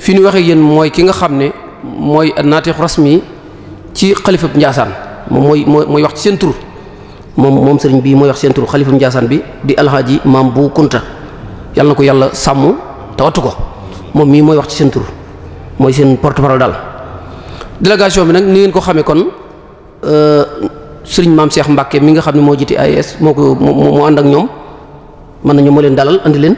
fi ñu waxee yéen mooy ki nga xam ne mooy naatiq rasmi ci xalifab Njaasaan moom mooy mooy wax ci seen tur moom moom sëriñ bii mooy wax seen tur xalifab Njaasaan bi di alxaaji maam bu kunta yàlla na ko yàlla sàmm te wattu ko moom mii mooy wax ci seen tur mooy seen porte parole daal. délégation bi nag ni ngeen ko xamee kon euh, sëriñ maam seex Mbacke mi nga xam ne moo jiite AIS e moo ko moo ak ñoom mën nañu moo leen dalal andi leen.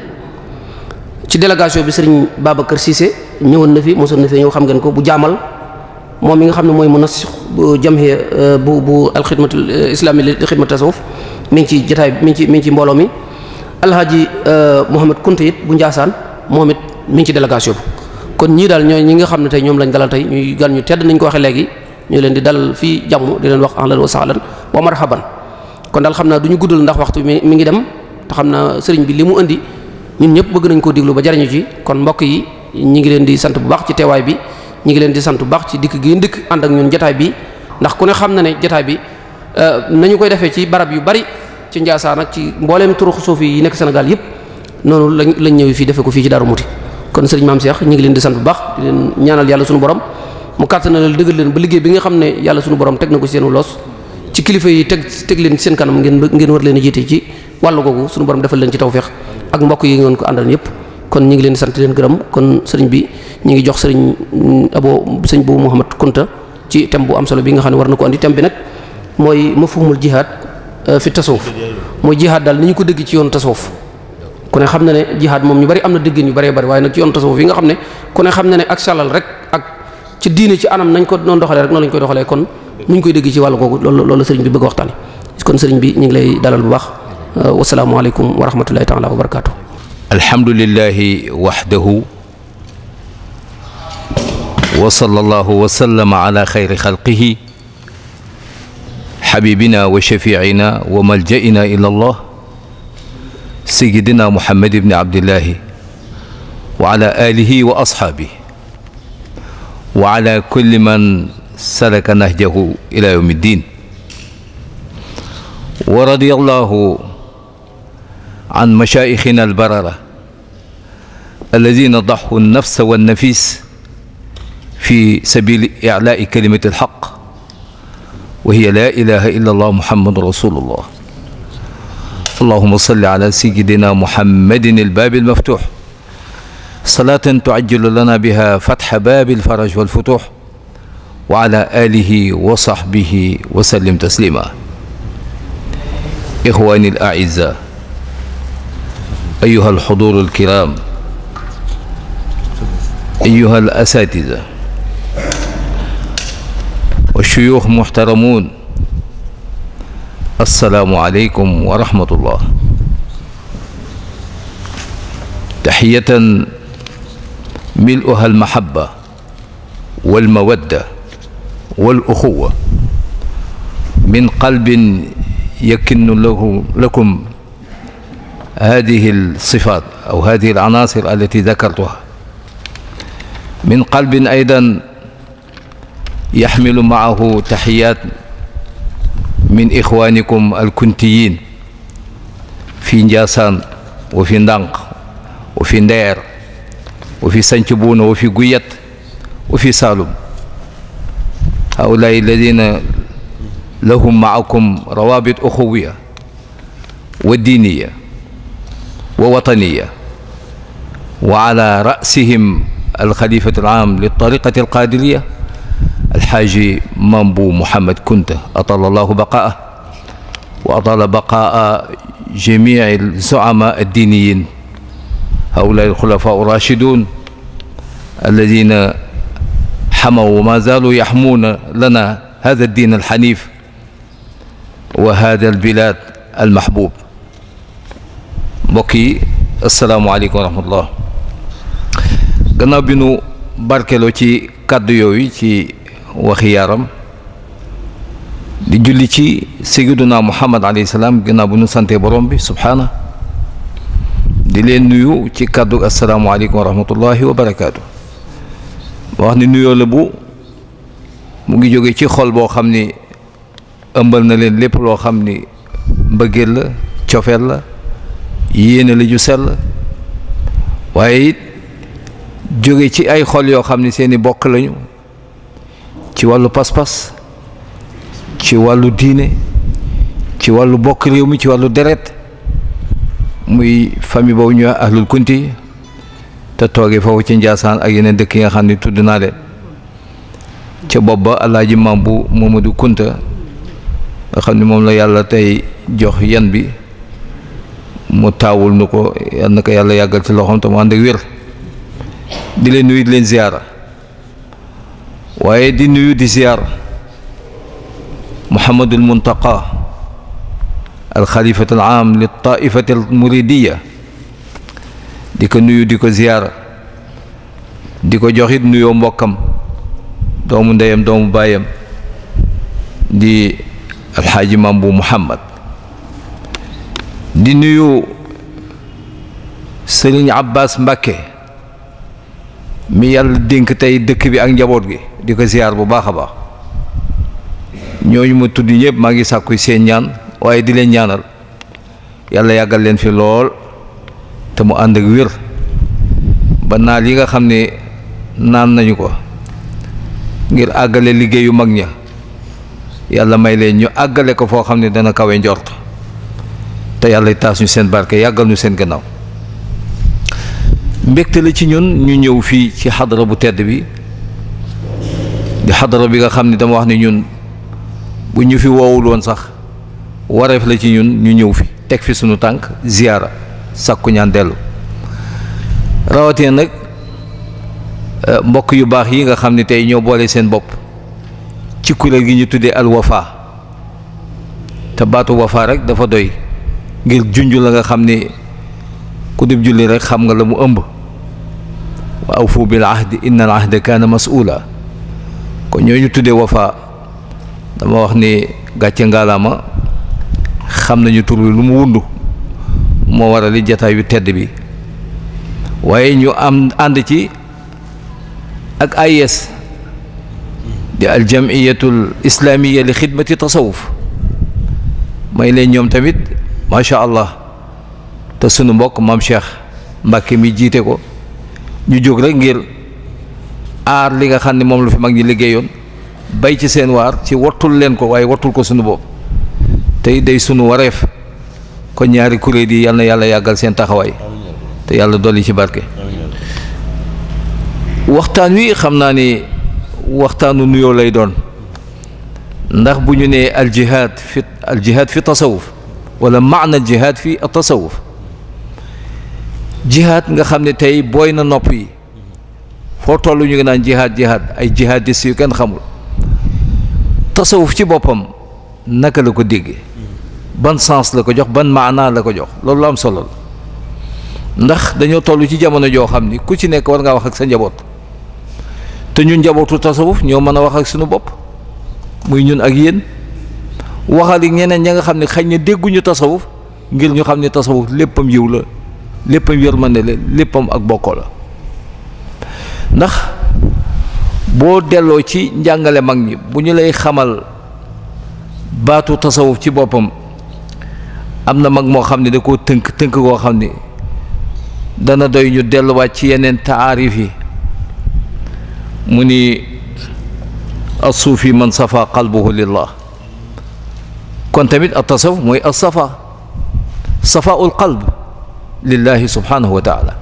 ci délégation bi sëriñ Babacar Cissé ñëwoon na fi mosoon na fi xam ngeen ko bu jaamal moom mi nga xam ne mooy mën a bu jamhiya euh, bu bu alxidmatul euh, islami li xidmat tasawuf mi ngi ci jotaay mi ngi ci mi ngi ci mbooloo mi. alhaji Mouhamed Kounté it bu Ndiassane moom it mi ngi ci délégation bi kon ñii daal ñooy ñi nga xam ne tey ñoom lañ dalal tey ñuy gan ñu tedd nañ ko waxee léegi ñu leen di dalal fii jàmm di leen wax ahlan wa sahlan wa marhaban kon daal xam naa du ñu guddal ndax waxtu mi mi ngi dem te xam naa sëriñ bi li mu indi ñun ñëpp bëgg nañ koo diglu ba jariñu ci kon mbokk yi ñu ngi leen di sant bu baax ci teewaay bi ñu ngi leen di sant bu baax ci dikk gi ndikk ànd ak ñun jotaay bi ndax ku ne xam na ne jotaay bi euh, nañu koy defee ci barab yu bari ci Njaasaan ak ci mbooleem turux yi nekk Sénégal yëpp noonu lañ lañ ñëwee fii defee ko fii ci Darou Moukhty kon sëriñ maam Cheikh ñu ngi leen di sant bu baax di leen ñaanal yàlla suñu borom mu kàttanal dëggal leen ba liggéey bi nga xam ne yàlla suñu borom teg na ko seen loos ci kilifa yi teg teg leen seen kanam ngeen ngeen war leen a jiite ci wàllu googu suñu borom defal leen ci tawféex ak mbokk yi ngeen ko àndal yépp kon ñu ngi leen di sant leen gërëm kon sëriñ bi ñu ngi jox sëriñ mm, abo sëriñ bu Mouhamad Kunta ci thème bu am solo bi nga xam ne war na ko andi thème bi nag mooy mafhumul jihaad euh, fi tasawuf mooy jihaad daal ni ñu ko dégg ci yoonu tasawuf ku xam na ne jihaad moom ñu bari am na déggin yu bare bëri waaye nag ci yoon tasawuf yi nga xam ne ku xam na ne ak salal rek ak ci diine ci anam nañ ko noonu doxalee rek noonu lañ koy doxalee kon nuñ koy dégg ci wàllu googu loolu loolu sëriñ bi bëgg waxtaani kon sëriñ bi ñu ngi lay dalal bu baax euh, wasalaamualeykum wa rahmatullahi taala wa barakaatu alhamdulilahi waxdahu wa sallallahu wa sallama ala xayri xalqihi xabibina wa shafiina wa maljaina ila allah سيدنا محمد بن عبد الله وعلى آله وأصحابه وعلى كل من سلك نهجه إلى يوم الدين ورضي الله عن مشايخنا البررة الذين ضحوا النفس والنفيس في سبيل إعلاء كلمة الحق وهي لا إله إلا الله محمد رسول الله اللهم صل على سيدنا محمد الباب المفتوح صلاة تعجل لنا بها فتح باب الفرج والفتوح وعلى آله وصحبه وسلم تسليما إخواني الأعزاء أيها الحضور الكرام أيها الأساتذة والشيوخ محترمون asalaamualeykum wa rahmatullah taxiyatan miluha almaxaba walmawadda waluxuwa min qalbin yakinu lahu lakum هذه الصفات أو هذه العناصر التي ذكرتها من قلب أيضا يحمل معه تحيات min ixwaanikum alkuntiyiin fi njaasaan wa fi ndànq wa fi ndeer wa fi sanc buuna wa fi guyat wa fi saalum haulaai alladina lahum maakum rawabit uxuwiya wa diiniya wa wataniya wa ala rasihim alxalifatu alaam liltariqati alqaadiriya alxaaji maam bu Mouhamed Kunta atala allahu baqaa wa atala baqaa jamii zuama addiiniyin haula alxulafa rachidun alladina xamaw ma zaalu yaxmuuna lana hada addiin alxanif wa hada albilad almaxbub mbokk yi asalaamualeykum wa rahmatullah gannaaw bi nu barkeloo ci kàddu yooyu ci wa xiyaaram di julli ci sayyiduna muhammad alayhi salaam ginnaaw bu ñu santee borom bi subhaana di leen nuyu ci kàddu asalaamualeykum wa rahmatullahi wa barakaatu wax ni nuyoo la bu mu ngi jóge ci xol boo xam ni ëmbal na leen lépp loo xam ni mbëggeel la cofeel la yéene la ju sell waaye it jóge ci ay xol yoo xam ni seeni bokk lañu ci wàllu pas-pas ci wàllu diine ci wàllu bokk réew mi ci wàllu deret muy famille boobu ñuy wax ahlul kunti te toogee foofu ci Njaasaan ak yeneen dëkk yi nga xam ne tudd naa leen ca bopp ba alaaji maam bu Mamadou Kunta nga xam ne moom la yàlla tey jox yan bi mu taawul nu ko yal na ko yàlla yàggal ci loxoom te mu ànd ak wér di leen nuyu leen ziyaara waaye di nuyu di ziar Muhammadul Muntaqa alxalifatul aam li di ko nuyu di ko ziar di ko joxit nuyoo mbokkam doomu ndeyam doomu baayam di alxaaji maam Muhammad di nuyu Sëriñ Abbas Mbakke mi yàlla dénk tey dëkk bi ak njaboot gi di ko ziyaar bu baax a baax ñooñu ma tudd ñëpp maa ngi sàkku seen ñaan waaye di leen ñaanal yàlla yàggal leen fi lool te mu ànd ak wér ba naal yi nga xam ne naan nañu ko ngir àggale liggéeyu mag ña yàlla may leen ñu àggale ko foo xam ne dana kawe njort te yàlla taas ñu seen barke yàggal ñu seen gannaaw mbégte la ci ñun ñu ñëw fii ci xadara bu tedd bi di xadara bi nga xam ni dama wax ni ñun bu ñu fi woowul woon sax wareef la ci ñun ñu ñëw fii teg fi sunu tànk ziyaara sàkku dellu rawatina nag euh, mbokk yu baax yi nga xam ni tey ñoo boole seen bopp ci kuréel gi ñu tuddee al wafa te baatu wafa rek dafa doy ngir junj la nga xam ni ku dib julli rek xam nga la mu ëmb wa awfu bil ahdi inna al kaana mas'uula kon ñooñu tuddee wafa dama wax ni gàcce ngaalaama xam nañu tur bi lu mu wund moo waral li jataay yu tedd bi waaye ñu am ànd ci ak AIS di al jamiyatul islaamiya li xidmati tasawuf may leen ñoom tamit macha allah te sunu mbokk mam Cheikh Mbacke mi jiite ko ñu jóg rek ngir aar li nga xam ne moom lu fi mag ñi liggéeyoon bay ci seen waar ci wattul leen ko waaye wattul ko sunu bopp tey day sunu wareef kon ñaari kuréel yi yal na yàlla yàggal seen taxawaay te yàlla dolli ci barke waxtaan wi xam naa ni waxtaanu nuyoo lay doon ndax bu ñu ne al jihaad fi al jihaad fi tasawuf wala maana al jihaad fi tasawuf jihaad nga xam ne tey booy na nopp yi foo toll ñu ngi naan jihaad jihaad ay jihadistes yu kenn xamul tasawuf ci boppam naka la ko déggee ban sens la ko jox ban maanaa la ko jox loolu lu am solo ndax dañoo toll ci jamono joo xam ni ku ci nekk war ngaa wax ak sa njaboot te ñu njabootu tasawuf ñoo mën a wax ak suñu bopp muy ñun ak yéen waxal ak ñeneen ña nga xam ne xañ na dégguñu tasawuf ngir ñu xam ne tasawuf léppam yiw la léppam yërmande la léppam ak bokkoo la ndax boo delloo ci njàngale mag ñi bu ñu lay xamal baatu tasawuf ci boppam am na mag moo xam ne da koo tënk tënk koo xam ne dana doy ñu delluwaat ci yeneen taarif yi mu ni suuf yi man safa qalbuhu lillah kon tamit at tasawuf mooy as safa safaul qalb lillahi subhanahu wa taala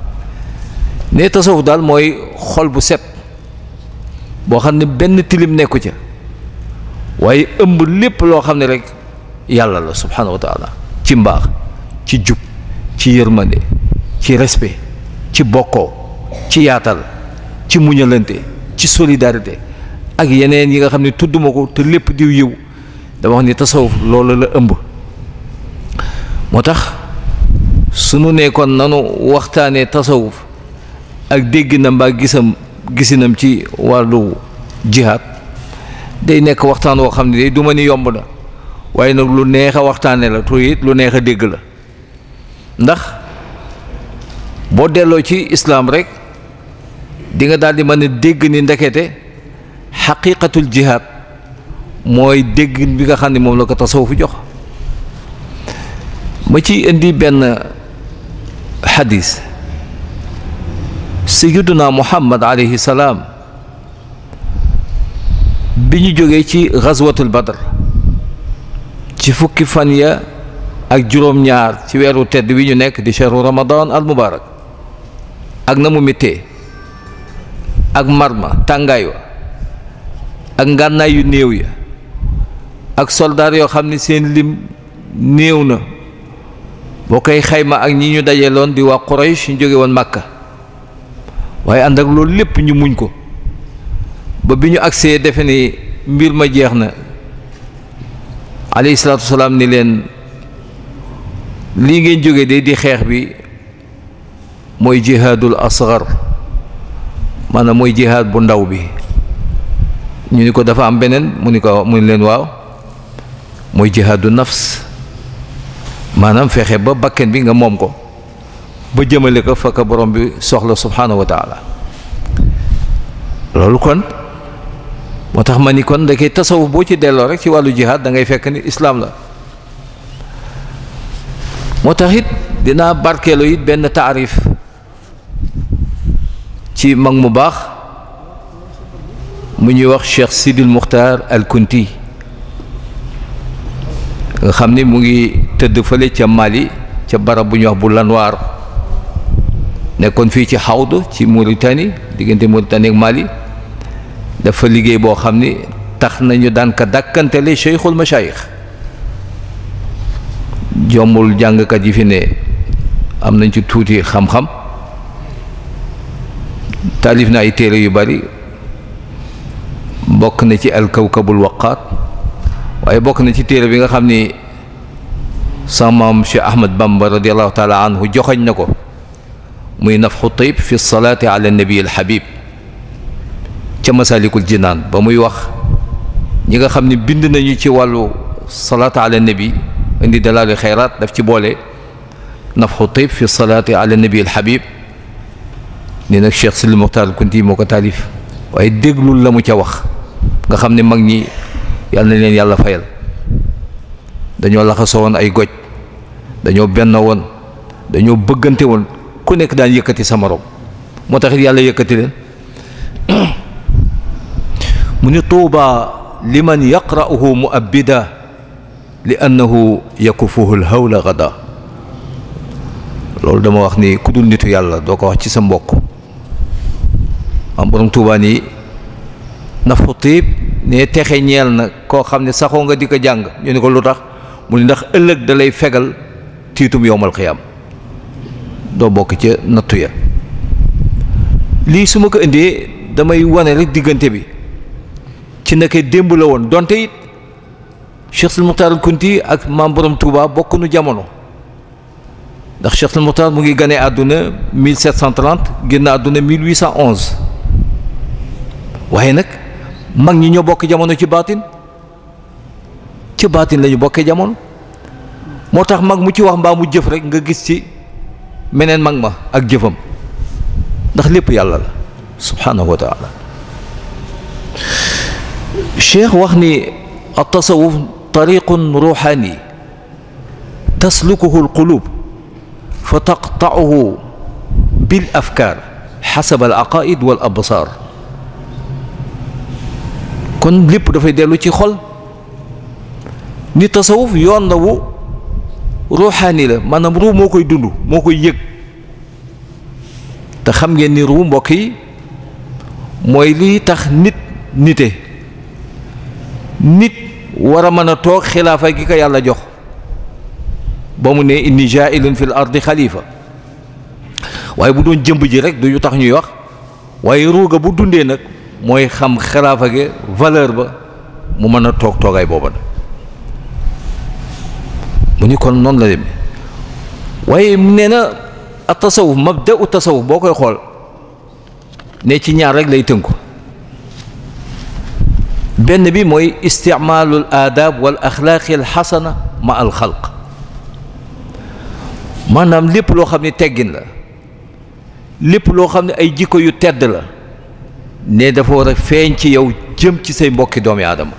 ne tasawuf daal mooy xol bu set boo xam ne benn tilim nekku ca waaye ëmb lépp loo xam ne rek yàlla la subhanahu wa ci mbaax ci jub ci yërmande ci respect ci bokkoo ci yaatal ci muñalante ci solidarité ak yeneen yi nga xam ne tudduma ko te lépp diw yiw dama wax ni tasawuf loolu la ëmb moo tax su sunu nekkoon nanu waxtaanee tasawuf ak dégg na mbaa gisam gisinam ci wàllu jihaad day nekk waxtaan woo xam ne du ma ni yomb na waaye nag lu neex a waxtaane la to it lu neex a dégg la ndax boo delloo ci islaam rek di nga daal di mën a dégg ni ndekete xaqiqatul jihaad mooy dégg bi nga xam ne moom la ko tasawuf jox ma ci indi benn hadis sayyiduna muhammad alayhi salaam bi ñu jógee ci ghazwatul badr ci fukki fan ya ak juróom-ñaar ci weeru tedd wi ñu nekk di shahru ramadan al mubarak ak namu mu ak marma tàngaay wa ak ngànnaay yu néew ya ak soldaar yoo xam ne seen lim néew na boo koy xayma ak ñi ñu dajeeloon di waa Quraysh ñu jóge woon Màkka waaye ànd ak loolu lépp ñu muñ ko ba bi ñu agsee defe ni mbir ma jeex na alayhi salaatu ni leen lii ngeen jóge de di xeex bi mooy jihaadul asgar maanaam mooy jihaad bu ndaw bi ñu ni ko dafa am beneen mu ni ko mu ni leen waaw mooy jihaadu nafs maanaam fexe ba bakken bi nga moom ko ba jëmale ko fa ka borom bi soxla subhaanahu wa loolu kon moo tax ma ni kon da koy tasawuf boo ci delloo rek ci wàllu jihaad da ngay fekk ni islaam la moo tax it dinaa barkeelu it benn taarif ci mag mu baax mu ñuy wax Cheikh Sidil Mukhtar al Kunti xam ni mu ngi tëdd fële ca Mali ca barab bu ñuy wax bu Lanwaar nekkoon fii ci xawd ci Mauritanie diggante Mauritanie ak Mali dafa liggéey boo xam ni tax nañu daan ka dàkkantele cheikhul mashayikh jombul jàngkat yi fi ne am nañ ci tuuti xam-xam taalif na ay téere yu bari bokk na ci alkawkabul waqaat waaye bokk na ci téere bi nga xam ni samaam Cheikh Ahmad Bamba radiallahu taala anhu joxoñ na ko muy nafxu tayb fi salaati ala nabi alxabib ca masalikul jinaan ba muy wax ñi nga xam ne bind nañu ci wàllu salaat ala nabi indi dalaalu xayraat daf ci boole nafxu tayb fi salaati ala nabi alxabib ni nag Cheikh Sidi Muxtaar Kunti moo ko taalif waaye déglul la mu ca wax nga xam ne mag ñi yàlla na leen yàlla fayal dañoo laxasoo woon ay goj dañoo benn woon dañoo bëggante woon ku nekk daan yëkkati sa morom moo tax it yàlla yëkkati leen mu ni tuuba liman yaqra'uhu mu'abbida li annahu yakufuhu alhawla gada loolu dama wax ni ku dul nitu yàlla doo ko wax ci sa mbokk am borom tuuba nii nafu tiib ne texe ñeel na koo xam ne saxoo nga di ko jàng ñu ne ko lu tax mu ne ndax ëllëg da lay fegal tiitum yowmal xiyaam doo bokk ca nattu ya lii su ma ko indee damay wane diggante bi ci naka démb la woon donte it Cheikh Sidi Muxtaar al Kunti ak maam borom Touba bokk nu jamono ndax Cheikh Sidi Muxtaar mu ngi ganee àdduna 1730 génn àdduna 1811 waaye nag. mag ñi ñoo bokk jamono ci baatin ci baatin la ñu bokkee jamono moo tax mag mu ci wax mbaa mu jëf rek nga gis ci meneen mag ma ak jëfam ndax lépp yàlla la taala cheikh wax ni altasawuf tariqun ruuxaani taslukuhu alqulub fa taqtauhu bil afkaar xasaba al aqaid wal absaar kon lépp dafay dellu ci xol ni tasawuf yoon la wu ruuxaani la maanaam ruu moo koy dund moo koy yëg te xam ngeen ni ruu mbokk yi mooy lii tax nit nite nit war a mën a toog xilaafa gi ko yàlla jox ba mu ne inni jaa'ilun fil ardi xalifa waaye bu doon jëmb ji rek du ñu tax ñuy wax waaye ruuga bu dundee nag mooy xam xilaafa gi valeur ba mu mën a toog toogaay booba mu ni kon noonu la dem waaye nee na a tasawuf mabda'u tasawuf boo koy xool ne ci ñaar rek lay tënku benn bi mooy isticmaalul aadaab wal axlaaqi al ma al xalq maanaam lépp loo xam ne teggin la lépp loo xam ne ay jikko yu tedd la ne dafa war a feeñ ci yow jëm ci say mbokki doomi aadama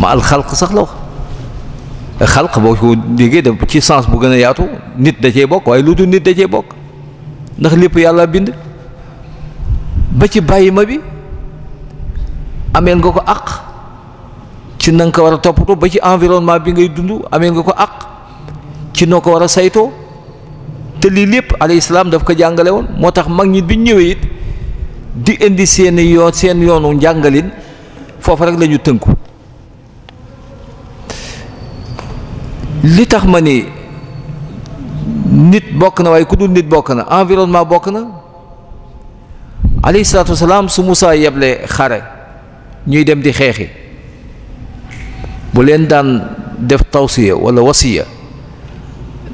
ma al sax la wax xalq boo ko déggee da ci sens bu gën a yaatu nit da cee bokk waaye lu dul nit da cee bokk ndax lépp yàlla bind ba ci bàyyi ma bi ameel nga ko àq ci na ko war a toppatoo ba ci environnement bi ngay dund ameel nga ko àq ci noo ko war a saytoo te lii lépp alayhi salaam daf ko jàngale woon moo tax mag ñi bi ñëwee it di indi seen yoon seen yoonu njàngalin foofu rek lañu tënku li tax ma ni nit bokk na waaye ku dul nit bokk na environnement bokk na alayhi salaatu wasalaam su Musaa yeble xare ñuy dem di xeexi bu leen daan def tawsiya wala wasiya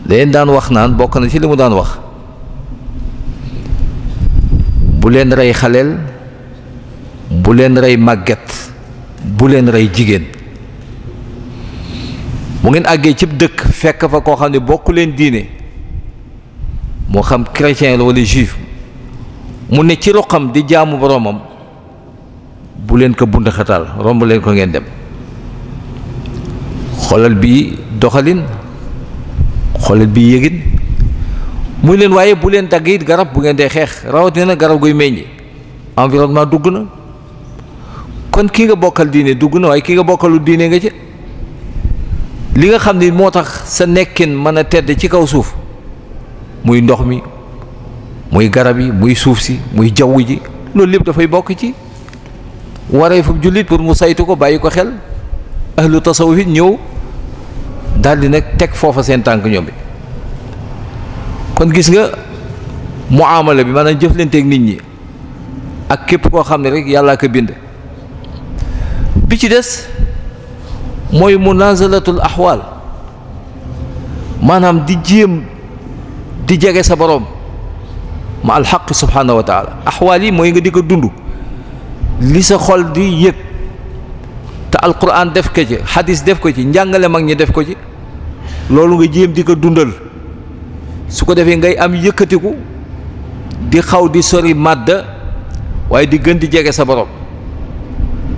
leen daan wax naan bokk na ci li mu daan wax bu leen rey xaleel bu leen rey màgget bu leen rey jigéen mu ngeen àggee cib dëkk fekk fa koo xam ne bokku leen diine moo xam chrétien la wala juif mu ne ci roqam di jaamu boromam bu leen ko bund xataal romb leen ko ngeen dem xoolal bi doxalin xoolal bi yëgin muy leen waaye bu leen dagg it garab bu ngeen dee xeex rawatina na garab guy meññi environnement dugg na kon ki nga bokkal diine dugg na waaye ki nga bokkalu diine nga ci li nga xam ni moo tax sa nekkin mën a tedd ci kaw suuf muy ndox mi muy garab yi muy suuf si muy jaww ji loolu lépp dafay bokk ci waree fu jullit pour mu saytu ko bàyyi ko xel ahlu tasawuf ñëw daal di nag teg foofa seen tànk ñoom bi kon gis nga mu amala bi maanaam jëflanteeg nit ñi ak képp koo xam ne rek yàllaa ko bind bi ci des mooy munazalatul axwaal maanaam di jéem di jege sa boroom ma alxaq subhaanahu wa axwaal yi mooy nga di ko dund li sa xol di yëg te alquran def ko ci xadis def ko ci njàngale mag ñi def ko ci loolu nga jéem di ko dundal su ko defee ngay am yëkkatiku di xaw di sori màdd waaye di gën di jege sa borom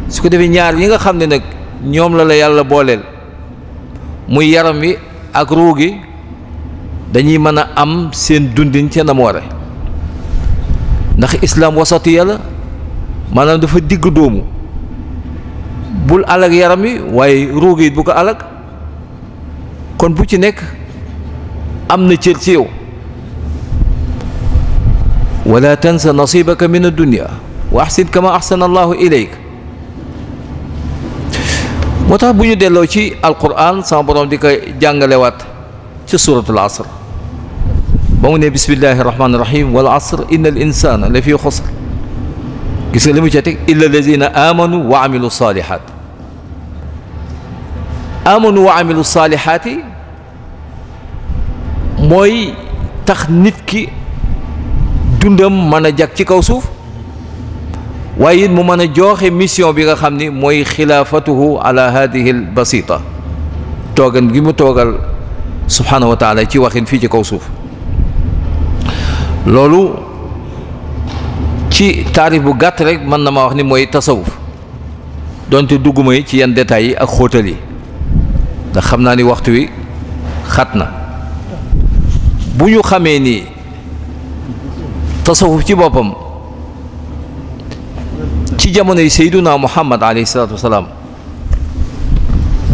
su ko defee ñaar yi nga xam ne nag ñoom la la yàlla booleel muy yaram wi ak ruu gi dañuy mën a am seen dundin ca na mu ndax islaam wasatu yàlla maanaam dafa digg dóomu bul alag yaram wi waaye ruu gi bu ko alag kon bu ci nekk am na cër ci yow wala tansa nasibaka min addunia wa axsin kama axsana allahu ilayk moo tax bu ñu delloo ci alquran sama borom di ko jàngalewaat ci suratul asr ba mu ne bismillahi rahmaani rahim wal asr inna al insana la fi xusr gis nga li mu ca teg illa allazina amanu wa amilu salihat amanu wa amilu salihati mooy tax nit ki dundam mën a jag ci kaw suuf waaye it mu mën a jooxe mission bi nga xam ni mooy xilaafatuhu ala hadihi al basita toogan gi mu toogal subhaanahu wa ci waxin fii ci kaw suuf loolu ci taarif bu gàtt rek mën na ma wax ni mooy tasawuf donte dugguma yi ci yenn détails yi ak xóotal yi ndax xam naa ni waxtu wi xat na bu ñu xamee ni tasawuf ci boppam ci jamonoy seyduna muhammad alayhi salaatu wasalaam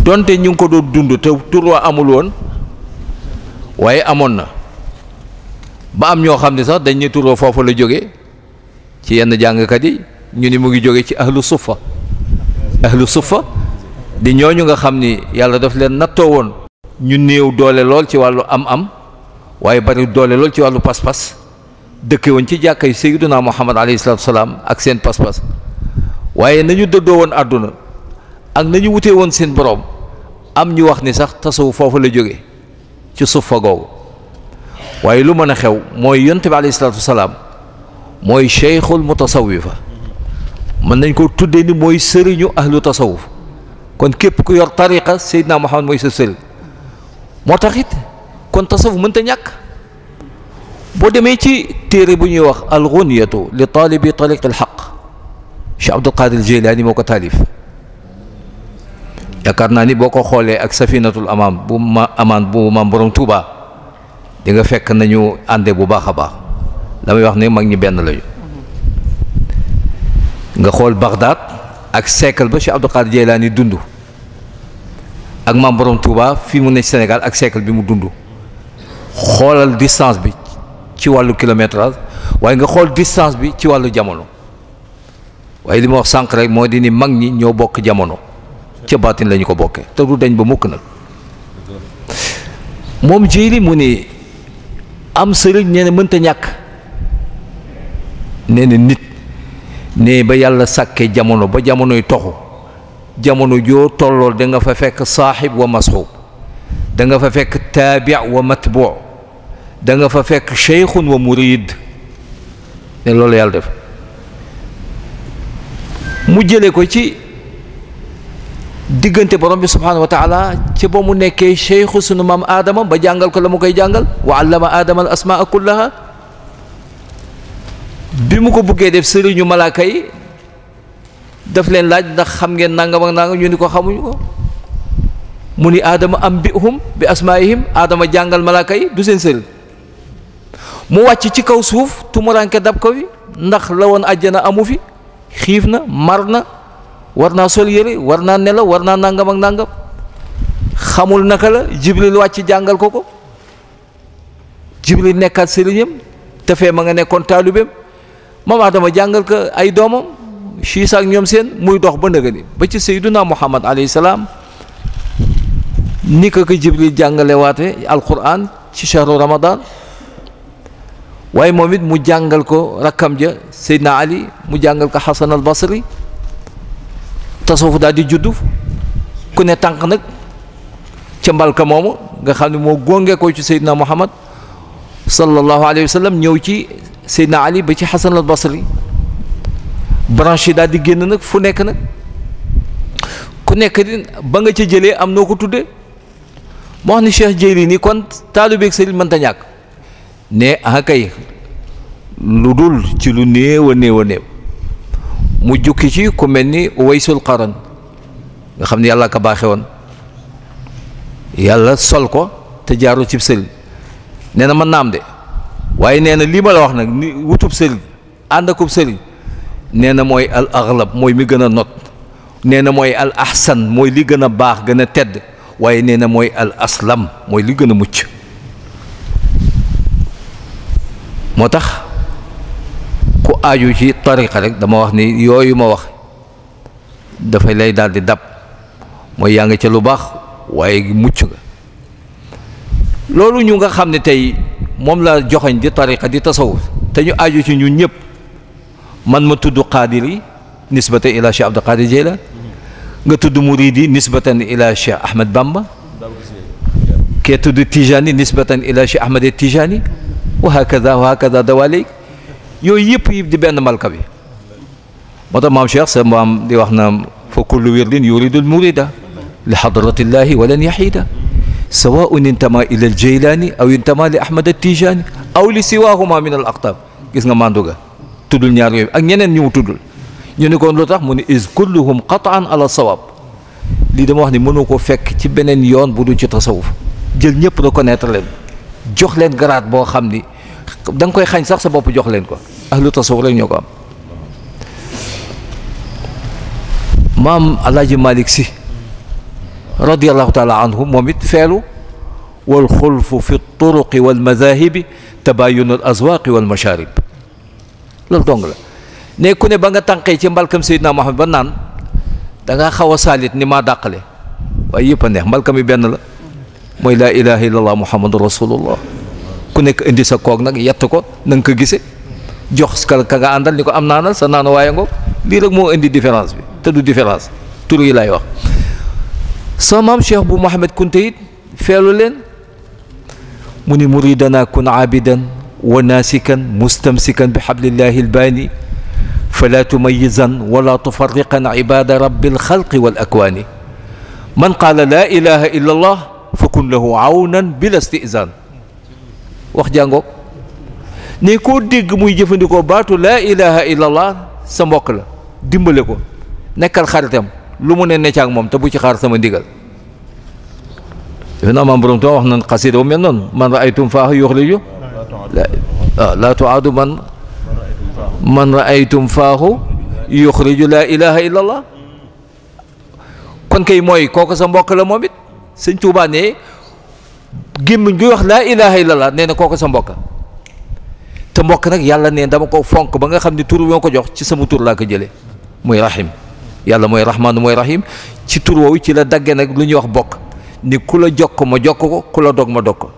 donte ñu ngi ko doon dund te tur amul woon waaye amoon na ba am ñoo xam ne sax dañ ne tur wa foofu la jóge ci yenn jàngkat yi ñu ni mu ngi jóge ci ahlu suffa ahlu sufa di ñoo ñu nga xam ni yàlla daf leen nattoo woon ñu néew doole lool ci wàllu am-am waaye bari doole loolu ci wàllu pas-pas dëkke woon ci jàkka yi Seydina Muhammad alayhi salaatu salaam ak seen pas-pas waaye nañu dëddoo woon àdduna ak nañu wute woon seen boroom am ñu wax ni sax tasawu foofu la jóge ci suuf fa googu waaye lu mën a xew mooy yonte bi alayhi salaatu salaam mooy cheikhul fa mën nañ ko tuddee ni mooy sëriñu ahlu tasawuf kon képp ku yor tariqa Seydina Muhammad mooy sa sëriñ moo tax kon tasawuf mënta ñàkk boo demee ci téere bu ñuy wax alxuniyatu li taalibi tariq alxaq cheikh abdul qadir jeylaani moo ko taalif yaakaar naa ni boo ko xoolee ak safinatul amaan bu ma amaan bu maam borom tuuba dinga fekk nañu ànde bu baax a baax damay wax ne mag ñi benn lañu nga xool Bagdad ak siècle ba cheikh abdul qadir jeylaani dund ak maam borom tuuba fii mu ne senegal ak siècle bi mu dund xoolal distance bi ci wàllu kilométrage waaye nga xool distance bi ci wàllu jamono waaye li ma wax sànq rek moo di ni mag ñi ñoo bokk jamono ca baatin la ko bokkee te du dañ ba mukk nag moom jéeri mu ni am sëriñ nee na mënta ñàkk nee na nit ne ba yàlla sàkkee jamono ba jamonoy toxu jamono joo tollool da nga fa fekk saaxib wa masxuub da nga fa fekk taabi wa matbuu da nga fa fekk cheikhun wa murid ne loolu yàlla def mu jële ko ci diggante borom bi subhaanahu wa ci ba mu nekkee cheikhu sunu maam aadama ba jàngal ko la mu koy jàngal wa allama aadama al ak kullaha bi mu ko buggee def sëriñu malaaka yi daf leen laaj ndax xam ngeen nangam ak ñu ni ko xamuñu ko mu ni aadama am bihum bi asmaihim aadama jàngal malaaka yi du seen sëriñ mu wàcc ci kaw suuf tumuranke dab ko wi ndax la woon àjjana amu fi xiif na mar na war naa sol yére war naa nelaw war naa nàngam ak nàngam xamul naka la jibril wàcc jàngal ko ko jibril nekkaat sëriñam te fee ma nga nekkoon taalibeem maam Adama jàngal ko ay doomam siis ñoom seen muy dox ba ndëgëni ba ci sayyiduna muhammad alayhi salaam ni ko ko jibril jàngale waate alquran ci shahru ramadan waaye moom it mu jàngal ko rakkam ja Seydina Ali mu jàngal ko Xasan al Basri tasawuf daal di juddu ku ne tànk nag ca mbalka moomu nga xam ne moo gónge ko ci Seydina Muhammad sallallahu alayhi wa ñëw ci Seydina Ali ba ci Xasan al Basri branche yi daal di génn nag fu nekk nag ku nekk ba nga ca jëlee am noo ko tudde moo xam ne Cheikh Jeyli nii kon taalu beeg sëriñ mënta ñàkk ne akay ah lu dul ci lu néew a néew a néew mu jukki ci ku mel ni waysul qaran nga xam ne yàlla ka baaxe woon yàlla sol ko te jaarul cib sël nee na mën naam de waaye nee na lii ma la wax nag ni wutub sëriñ ànd akub sëriñ nee na mooy al aghlab mooy mi gën a not nee na mooy al ahsan mooy li gën a baax gën a tedd waaye nee na mooy al aslam mooy li gën a mucc moo tax ku aaju ci tariqa rek dama wax ni yooyu ma wax dafay lay daal di dab mooy yaa nga ca lu baax waaye mucc nga loolu ñu nga xam ne tey moom la joxoñ di tariqa di tasawuf te ñu aaju ci ñu ñëpp man ma tudd qaadir yi nisbatan ila cheikh abdul qadir jeyla nga tudd murid yi nisbatan ila cheikh ahmed bamba kee tudd tijani nisbatan ila cheikh ahmed tijani wa hakaza yooyu yëpp yi di benn malka bi moo tax maam Cheikh sa maam di wax na fa kullu wirdin yuridul murida li xadratillahi walan yaxiida sawaun intama ila al jeylaani aw intama li ahmad al aw li siwahuma min al aqtab nga manduga tuddul ñaar yooyu ak ñeneen ñu mu tuddul ñu ne koon lu tax mu ne is kulluhum qataan ala sawab lii dama wax ni mënu ko fekk ci beneen yoon bu dul ci tasawuf jël ñëpp reconnaître leen jox leen garaat boo xam ni da nga koy xañ sax sa bopp jox leen ko ahlu tasawuf rek ñoo ko am maam alaaji malik si radiallahu taala anhu moom it feelu wal xulfu fi turuqi wal madahibi tabayunu al azwaqi wal masharib loolu dong la ne ku ne ba nga tànqee ci mbalkam seydina Muhammad ba naan da nga xaw a saalit ni ma dàqale waaye yëpp a neex mbalkam yi benn la mooy laa ilaha illallah muhammadu rasulullah ku nekk indi sa koog nag yett ko na nga ko gisee jox ka ka nga àndal ni ko am naanal sa naana waaye ngoog lii rek moo indi différence bi te du différence tur yi lay wax sa maam cheikh bu Mohamed Kunte it feelu leen mu ni muridana kun aabidan wa naasikan mustamsikan bi xablillahi albaani fala tumayizan wala tufariqan ibada rabbi alxalqi wal akwaani man qaala laa ilaha illa allah fa kun lahu awnan bila istizaan wax jàngoog ne koo dégg muy jëfandikoo baatu laa ilaha illallah sa mbokk la dimbale ko nekkal xaritam lu mu ne necc moom te bu ci xaar sama ndigal defe naa ma borom tam wax nan xasida bu mel noonu man raaytum faaxu yuxriju laa ilaha illallah kon kay mooy kooku sa mbokk la moom it gémmiñ buy wax laa ilaha illallah nee na kooku sa mbokk te mbokk nag yàlla nee dama ko fonk ba nga xam ne tur bi ko jox ci sama tur laa ko jëlee muy rahim yàlla mooy rahmaanu mooy rahim ci tur woowu ci la daggee nag lu ñuy wax bokk ni ku la jokk ma jokk ko ku la ma dog ko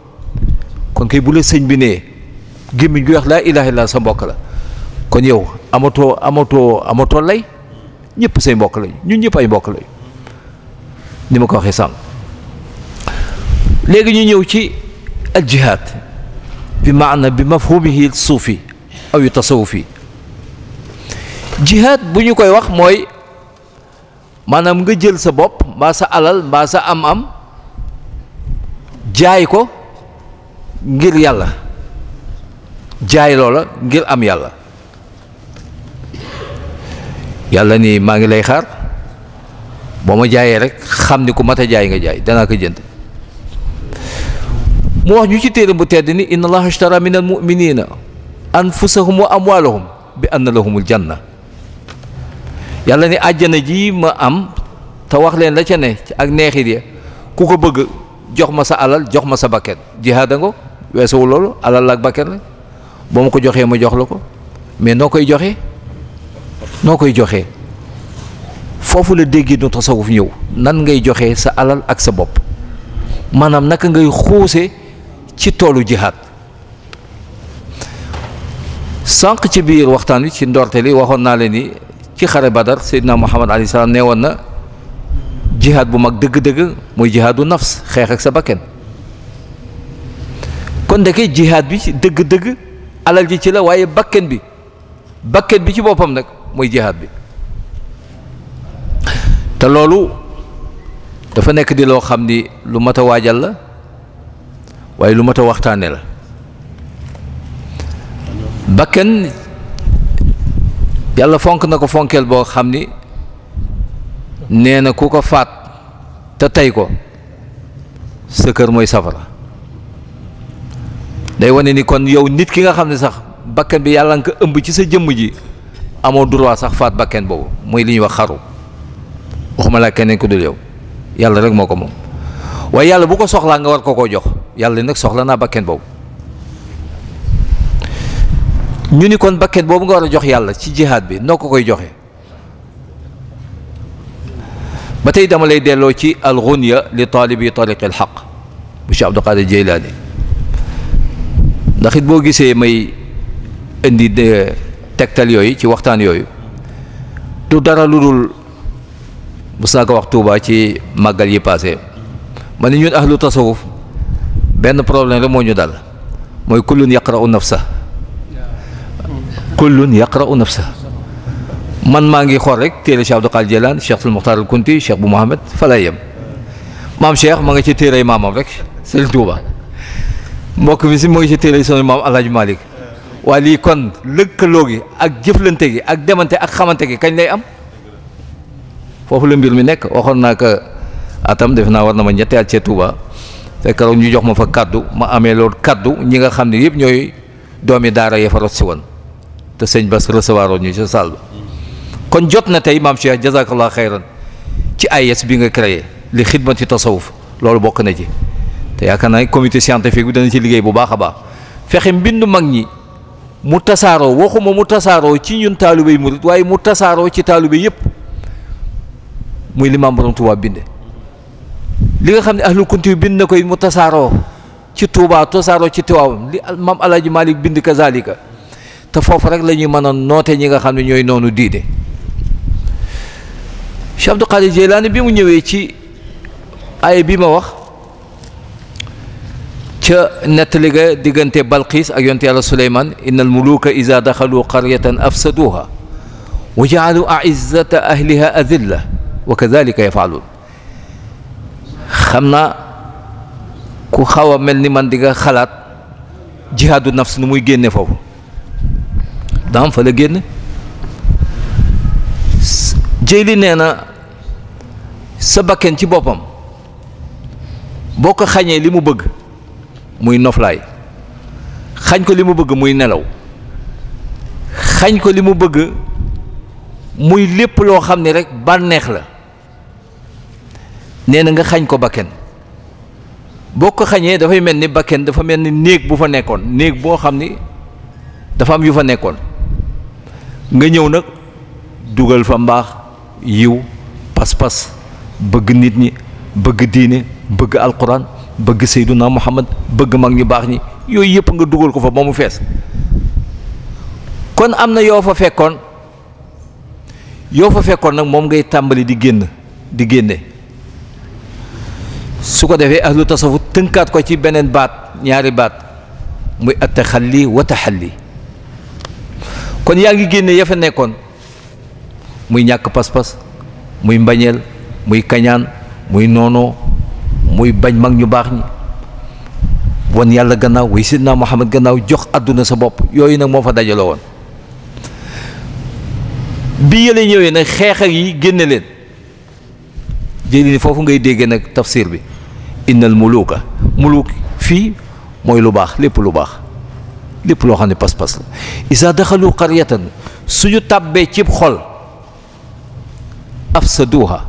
kon bu la sëñ bi nee gémmiñ buy wax laa ilaha illallah sa mbokk la kon yow amatoo amatoo amatoo lay ñëpp say mbokk lañu ñun ñëpp ay mbokk lañu ni ma ko waxee sànq. léegi ñu ñëw ci al jihaad bi ma maana bi mafhumihi suufi aw yu tasawufi jihaad bu ñu koy wax mooy maanaam nga jël sa bopp mbaa sa alal mbaa sa am-am jaay ko ngir yàlla jaay loola ngir am yàlla yàlla ni maa ngi lay xaar boo ma jaayee rek xam ni ku mat a jaay nga jaay danaa ko jënd mu wax ñu ci téere bu tedd ni inna allaha ashtara min al muminina anfusahum wa amwaalahum bi anna jan na yàlla ni àjjana ji ma am te wax leen la ca ne ak neexit ya ku ko bëgg jox ma sa alal jox ma sa bakket jihaada nga weesuwu loolu alal ak bakket la boo ma ko joxee ma jox la ko mais noo koy joxee noo koy joxee foofu la déggee nu tasawuf ñëw nan ngay joxee sa alal ak sa bopp maanaam naka ngay xuuse ci toolu jihaad sanq ci biir waxtaan wi ci ndorte li waxoon naa leen ni ci xare badar seydina muhammad alayhi salaam nee woon na jihaad bu mag dëgg-dëgg mooy jihaadu nafs xeex ak sa bakken kon ndeke jihaad bi ci dëgg-dëgg alal ji ci la waaye bakken bi bakken bi ci boppam nag mooy jihaad bi te loolu dafa nekk di loo xam ni lu mat a waajal la waaye lu mat a waxtaane la bakkan yàlla fonk na ko fonkeel boo xam ni nee na ku ko faat te tey ko sa kër mooy safara day wane ni kon yow nit ki nga xam ne sax bakkan bi yàlla nga ëmb ci sa jëmm ji amoo droit sax faat bakkan boobu mooy li ñuy wax xaru waxuma laa keneen ku dul yow yàlla rek moo ko moom waaye yàlla bu ko soxlaa nga war ko koo jox yàlla nag soxla naa bakken boobu ñu ni kon bakket boobu nga war a jox yàlla ci jihaad bi noo ko koy joxe ba tey dama lay delloo ci alxunya li taalibi tariqi alxaq bu Cheikh Abdul Qaadir Jeylaani ndax boo gisee may indi eh, tegtal yooyu ci waxtaan yooyu du dara lu dul mos naa ko wax tuubaa ci màggal yi paase man ne ñun ahlu tasawuf benn problème rek moo ñu dal mooy kullun yaqra'u nafsa kullun yaqra'u nafsa man maa ngi xool rek téere Cheikh Abdou Qadir Jilani Cheikh Sul al Kunti Cheikh bu Mohamed fa yem maam Cheikh ma nga ci téere maamam rek Sëriñ Tuuba mbokk mi si ma ngi ci téere sunu maam Alhaji Malick waaye lii kon lëkkaloo gi ak jëflante gi ak demante ak xamante gi kañ lay am foofu la mbir mi nekk atam def naa war na ma ñetti at ca Touba te keroog ñu jox ma fa kaddu ma amee loolu kaddu ñi nga xam ne yëpp ñooy doomi daara ya fa rot si woon te sëñ Bass recevoir woon ñu sa salle ba kon jot na tey maam Cheikh jazakallah xayran ci AIS bi nga créé li xidmati tasawuf loolu bokk na ci te yaakaar naa comité scientifique bi dana ci liggéey bu baax a baax fexe mbind mag ñi mu tasaaroo waxuma mu tasaaroo ci ñun taalibe murit waaye mu tasaaroo ci taalibe yëpp muy li maam borom Tuubaa li nga xam ne ahlul kunti yu bind na koy mu tasaaroo ci Touba tasaaroo ci Tiwaawan li maam Malik bind kazalika te foofu rek la ñuy mën noote ñi nga xam ne ñooy noonu diide Cheikh Abdou Qadir Jeylaani bi mu ñëwee ci ay bi ma wax ca nettali ga diggante Balqiis ak yonte yàlla Suleymaan inna al muluka ida daxalu qaryatan afsaduha wa jaalu ahliha adilla wa kadalika xam naa ku xaw a mel ni man dinga xalaat jihaadu nafs nu muy génne foofu daam fa la génne jëli nee na sa bakken ci boppam boo ko xañee li mu bëgg muy noflaay xañ ko li mu bëgg muy nelaw xañ ko li mu bëgg muy lépp loo xam ne rekk bànneex la nee na nga xañ ko bakken boo ko xañee dafay mel ni bakken dafa mel ni néeg bu fa nekkoon néeg boo xam ni dafa am yu fa nekkoon nga ñëw nag dugal fa mbaax yiw pas-pas bëgg nit ñi bëgg diine bëgg alquran bëgg seyduna muhammad bëgg mag ñu baax ñi yooyu yëpp nga dugal ko fa ba mu fees kon am na yoo fa fekkoon yoo fa fekkoon nag moom ngay tàmbali di génn di génne su ko defee ahlu tasawuf tënkaat ko ci beneen baat ñaari baat muy attaxalli wa taxalli kon yaa ngi génne ya fa nekkoon muy ñàkk pas-pas muy mbañeel muy kañaan muy noonoo muy bañ mag ñu baax ñi wan yàlla gannaaw naa sidna Muhammad gannaaw jox àdduna sa bopp yooyu nag moo fa dajaloo woon bi yële ñëwee nag xeex yi génne leen jëli foofu ngay déggee nag tafsir bi innal muluuka muluuk fii mooy lu baax lépp lu baax lépp loo xam ne pas-pas la isa daxalu qaryatan suñu tàbbee cib xol afsaduha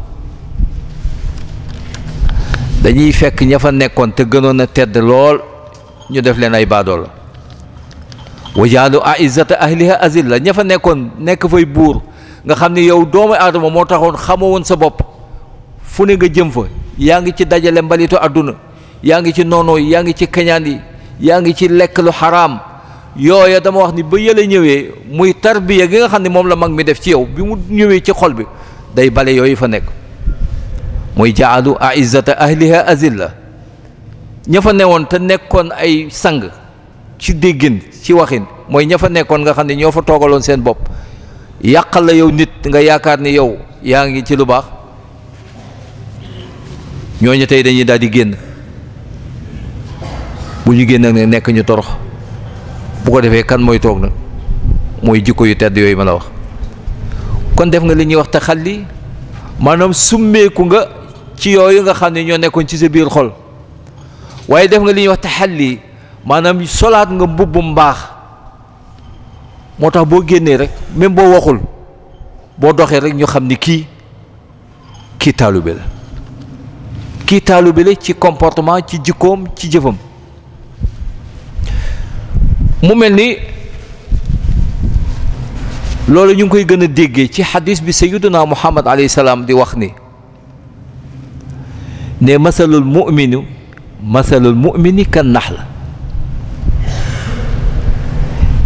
dañuy fekk ña fa nekkoon te gënoon a tedd lool ñu def leen ay baadoo la wa jaalu aizata ahliha la ña fa nekkoon nekk fay buur nga xam ne yow doomu aadama moo taxoon xamoo woon sa bopp fu ne nga jëm fa yaa ngi ci dajale mbalitu àdduna yaa ngi ci noonoo yi yaa ngi ci kañaan yi yaa ngi ci lekk lu xaraam yooya dama wax ni ba yële ñëwee muy tarbiya gi nga xam ne moom la mag mi def ci yow bi mu ñëwee ci xol bi day bale yooyu fa nekk muy jaalu aizzata ahliha azilla ña fa newoon te nekkoon ay sang ci déggin ci waxin mooy ña fa nekkoon nga xam ne ñoo fa toogaloon seen bopp yàqal la yow nit nga yaakaar ni yow yaa ngi ci lu baax ñooñu tey dañuy daal di génn bu ñu génn nag nekk ñu torox bu ko defee kan mooy toog nag mooy jikko yu tedd yooyu ma la wax kon def nga li ñuy wax te xalli maanaam summeeku nga ci yooyu nga xam ne ñoo nekkoon ci sa biir xol waaye def nga li ñuy wax te xalli maanaam solaat nga mbubb mbaax moo tax boo génnee rek même boo waxul boo doxee rek ñu xam ni kii kii taalube la kii bi la ci comportement ci jikkoom ci jëfam mu mel ni loolu ñu ngi koy gën a déggee ci xadiis bi sayiduna muhammad alayhi salaam di wax ni ne masalul muminu masalul mumini kan nax la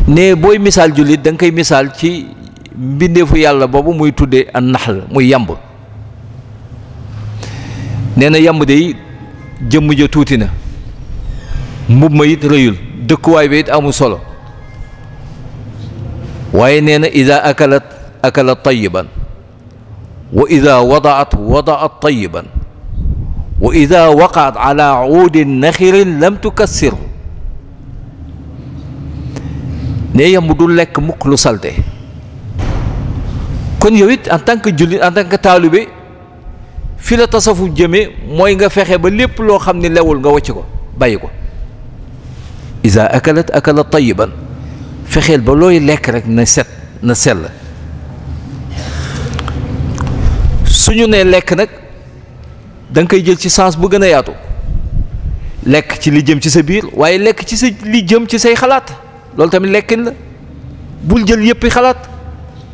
ne booy misaal jullit da nga koy misaal ci mbindeefu yàlla boobu muy tuddee an nax la muy yàmb nee na yamb dey jëmm ja tuuti na mbub ma it rëyul dëkkuwaay bi it amul solo waaye nee na ida akalat akalat tayiban wa ida wadaat wadaat tayiban wa ida waqaat ala uudin naxirin lam tukassiru ne yamb du lekk mukk lu salte kon yow it en tant que jullit en tant que taalibe fi la tasafu jëme mooy nga fexe ba lépp loo xam ne lewul nga wacc ko bàyyi ko isa akalat akalat tayiban fexeel ba looy lekk rek na set na sell suñu nee lekk nag da koy jël ci sens bu gën a yaatu lekk ci li jëm ci sa biir waaye lekk ci sa li jëm ci say xalaat loolu tamit lekkin la bul jël yépp xalaat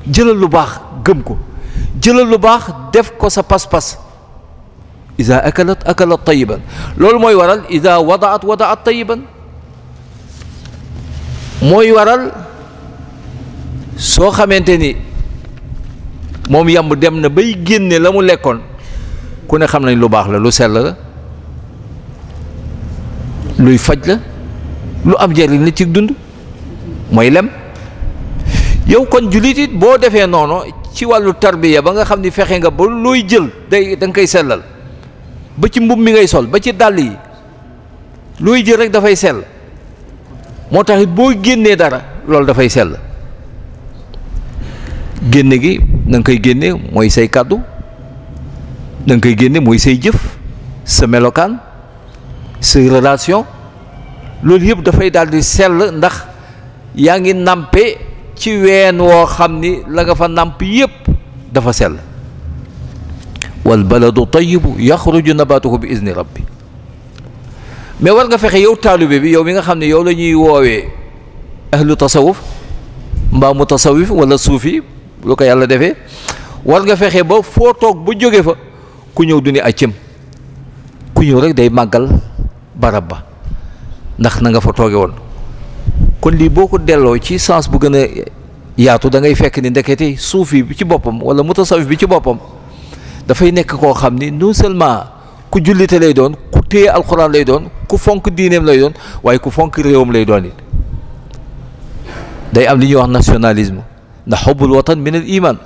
jëlal lu baax gëm ko jëlal lu baax def ko sa pas-pas isa akalat akalat tayiban loolu mooy waral isa wadaat wadaat tayiban mooy waral soo xamante ni moom yamb dem na bay génne la mu lekkoon ku ne xam nañ lu baax la lu sell luy faj la lu am njariñ la ci dund mooy lem yow kon jullit boo defee noono ci wàllu tarbiya ba nga xam ni fexe nga ba looy jël day da nga koy sellal ba ci mbubb mi ngay sol ba ci dàll yi looy jël rek dafay sell moo taxit it boo génnee dara loolu dafay sell génne gi na koy génne mooy say kàddu na koy génne mooy say jëf sa melokaan sa relation loolu yëpp dafay daal di sell ndax yaa ngi nàmpe ci ween woo xam ni la nga fa nàmp yëpp dafa sell wal walbaladu tayibu yaxruju nabaatuhu bi izni rabbi mais war nga fexe yow taalibe bi yow bi nga xam ne yow la ñuy woowee ahlu tasawuf mbaa mu tasawif wala suufi lu ko yàlla defee war nga fexe ba foo toog bu jóge fa ku ñëw du ni accëm ku ñëw rek day màggal barab ba ndax na nga fa tooge woon kon lii boo ko delloo ci sens bu gën a yaatu da ngay fekk ni ndekete suufi bi ci boppam wala mutasawif bi ci boppam dafay nekk koo xam ni non seulement ku jullite lay doon ku téye alxuraan lay doon ku fonk diineem lay doon waaye ku fonk réewam lay doon it day am li ñuy wax nationalisme ndax xobbul watan min al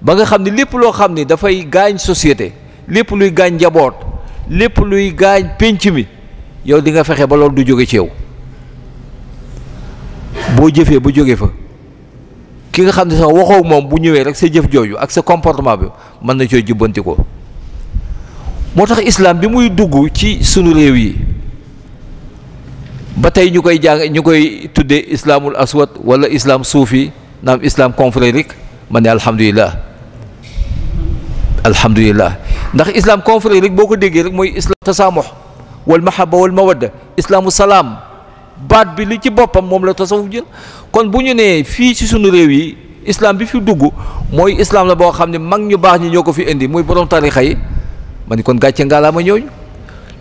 ba nga xam ne lépp loo xam ni dafay gaañ société lépp luy gaañ njaboot lépp luy gaañ pénc mi yow di nga fexe ba loolu du jóge ci yow boo jëfee bu jóge fa ki nga xam ne sax waxoo moom bu ñëwee rek sa jëf jooju ak sa comportement bi mën na coo jubbanti moo tax islaam bi muy dugg ci sunu réew yi ba tey ñu koy jàng ñu koy tuddee islaamul aswad wala islam suufi islaam islam confrérique man ne alhamdulilah alhamdulilah ndax islam confrérique boo ko déggee rek mooy islam tasaamux wal mahaba wal mawadda islaamu salaam baat bi li ci boppam moom la tasawuf jël kon bu ñu nee fii ci sunu réew yi islaam bi fi dugg mooy islam la boo xam ne mag ñu baax ñi ñoo ko fi indi muy borom tarixa yi man kon gàcce ngaalaama ñooñu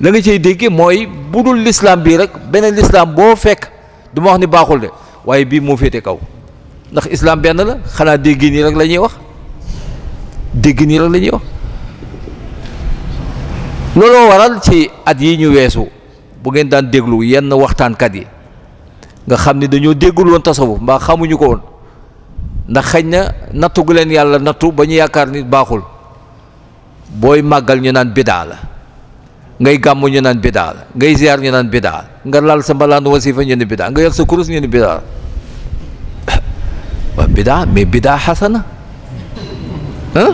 la nga cay dégge mooy bu dul l'islam bii rek beneen l'islam boo fekk du wax ni baaxul de waaye bii moo féete kaw ndax islaam benn la xanaa dégg nii rek la ñuy wax dégg nii rek lañuy ñuy wax looloo waral ci at yi ñu weesu bu ngeen daan déglu yenn waxtaankat yi nga xam ni dañoo déggul woon tasawuf mbaa xamuñu ko woon ndax xëy na nattu gu leen yàlla nattu ba ñu yaakaar ni baaxul booy màggal ñu naan bidaa la ngay gàmm ñu naan bidaa la ngay ziar ñu naan bidaa nga lal sa mbalaan wasifa ñu ne bidaa nga yor sa kurus ñu ne bidaa waaw bidaa mais bidaa xasana ah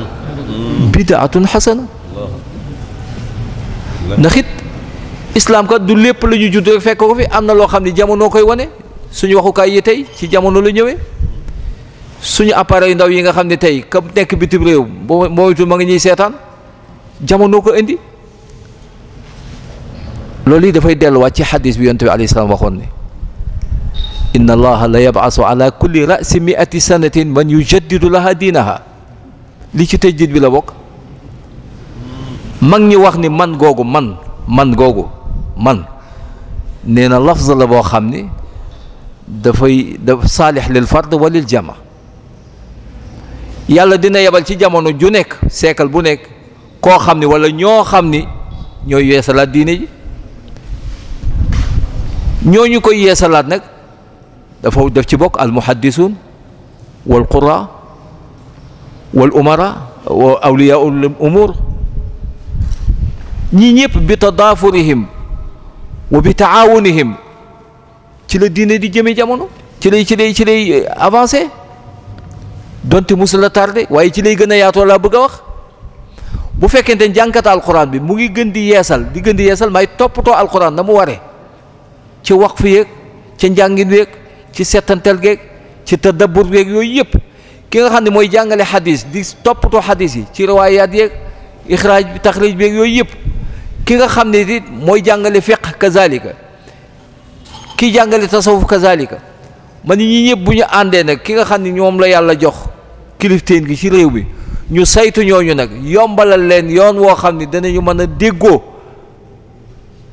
bidaatun xasana ndax islaam kat du lépp la ñu juddoo fekk ko fi am na loo xam ne jamonoo koy wone suñu waxukaay yi tey ci jamono la ñëwee suñu appareil ndaw yi nga xam ne tey ka nekk bitim réew boo moytu ma ngi ñuy seetaan jamono ko indi loolu dafay delluwaat ci xadis bi yonent bi alayhi salaam waxoon ne inna allaha la yabaasu ala kulli rasi miati sanatin man yujaddidu laha diinaha li ci tëjdid bi la bokk mag ñi wax ni man googu man man googu man nee na lafz la boo xam ni dafay daf saalix lil fard wa lil jama yàlla dina yebal ci jamono ju nekk seekal bu nekk koo xam ni wala ñoo xam ni ñooy yeesalaat diine ji ñooñu koy yeesalaat nag dafa def ci bokk al muhaddisuun wal qura wal umara wa ñi ñëpp bi tadaafurihim wa bi taawunihim ci la diine di jëmee jamono ci lay ci lay ci lay euh, avancé donte musul la tardé waaye ci lay gën a yaatoo laa bëgg a wax bu fekkente ne jànkata alxuraan bi mu ngi gën di yeesal di gën di yeesal may toppatoo alxuraan na mu waree ci waqf yeeg ci njàngin weeg ci settantel geeg ci tadabbur weeg yooyu yëpp ki nga xam ne mooy jàngale xadiis di toppatoo xadis yi ci riwaayaat yeeg ixraaj bi taxrij beeg yooyu yëpp ki nga xam ne mooy jàngale fiq kazalika kii jàngale tasawuf kazalika man ñi ñëpp bu ñu àndee nag ki nga xam ni ñoom la yàlla jox kilifteen gi ci réew mi ñu saytu ñooñu nag yombalal leen yoon woo xam ne danañu mën a déggoo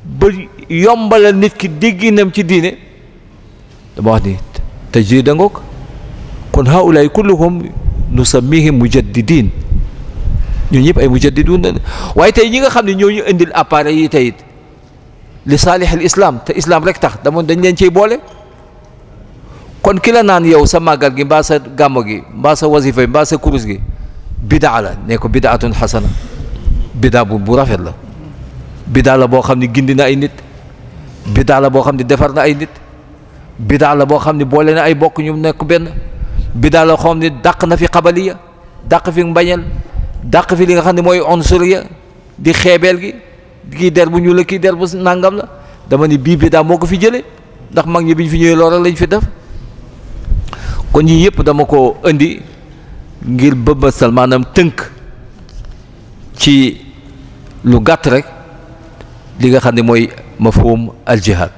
ba yombalal nit ki dégginam ci diine dama wax ni tajrid da ngoog kon haulaay kulluhum nu sammihim mujaddidin ñoo ñëpp ay mujaddidun waaye tey ñi nga xam ne ñoo ñu indil appareil yi tey li saalihil islam te islam rek tax dama dañ leen ciy boole kon ki la naan yow sa màggal gi mbaa sa gi mbaa sa wasifa mbaa kurus gi bidaala nekk ne ko bidaatun bu rafet la bidaa la boo xam ne gindi na ay nit bidaa la boo xam ne defar na ay nit bidaa la boo xam ne boole na ay bokk ñu nekk benn bidaa la xam ne dàq na fi xabaliya dàq fi mbañeel dàq fi li nga xam ne mooy onsuriya di xeebeel gi kii der bu ñuul la kii der bu nàngam la dama ni bii bi daa moo ko fi jëlee ndax mag ñi bi ñu fi ñëwee loolu lañ fi def kon yii yëpp dama ko indi ngir bëbësal maanaam tënk ci lu gàtt rek li nga xam ne mooy mafhum al jihad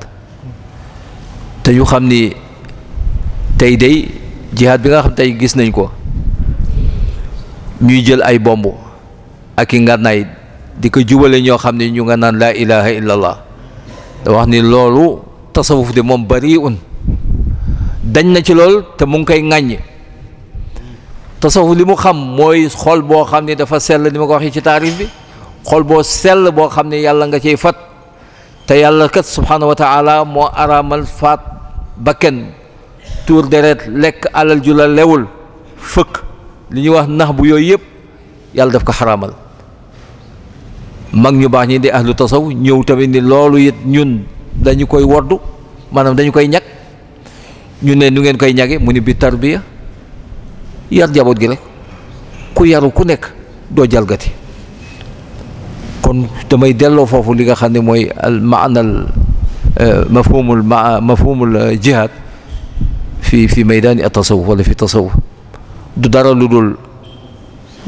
te ñu xam ni tey day jihad bi nga xam tey gis nañ ko ñuy jël ay bomb ak i ngànnaay di ko jubale ñoo xam ne ñu nga naan laa ilaha illallah da wax ni loolu tasawuf de moom bari un dañ na ci lool te mu ngi koy ŋàññ tasawuf li mu xam mooy xol boo xam ne dafa sell ni ma ko waxee ci taarif bi xol boo sell boo xam ne yàlla nga ciy fat te yàlla kat subhaanahu wa taala moo araamal faat kenn tuur deret lekk alal ju la lewul fëkk li ñuy wax nax bu yooyu yëpp yàlla daf ko xaraamal mag ñu baax ñi di ahlu tasaw ñëw tamit ni loolu yit ñun dañu koy woddu maanaam dañu koy ñag ñu ne nu ngeen koy ñage mu ni bi tarbiya yar jaboot gi rek ku yaru ku nekk doo jalgati kon damay delloo foofu li nga xam ne mooy al maanal eh, ma mafhumul eh, jihad fi fi maydaani at tasawuf wala fi tasawuf du dara lu dul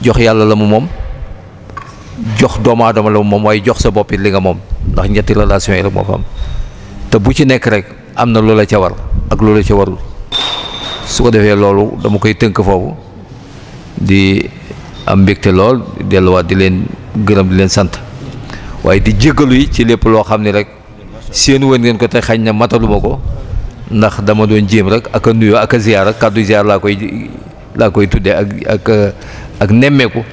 jox yàlla la mu moom jox doomu aadama la moom waaye jox sa bopp li nga moom ndax ñetti relation yi rek moo fa am te bu ci nekk rek am na loola ca war ak loola ca warul su ko defee loolu dama koy tënk foofu di am mbégte lool delluwaat di leen gërëm di leen sant waaye di jéggalu yi ci lépp loo xam ne rek seen wën ngeen ko te xañ na mataluma ko ndax dama doon jéem rek ak a nuyoo ak ziyaar ak kàddu ziyaar laa koy laa koy tuddee ak ak ak nemmeeku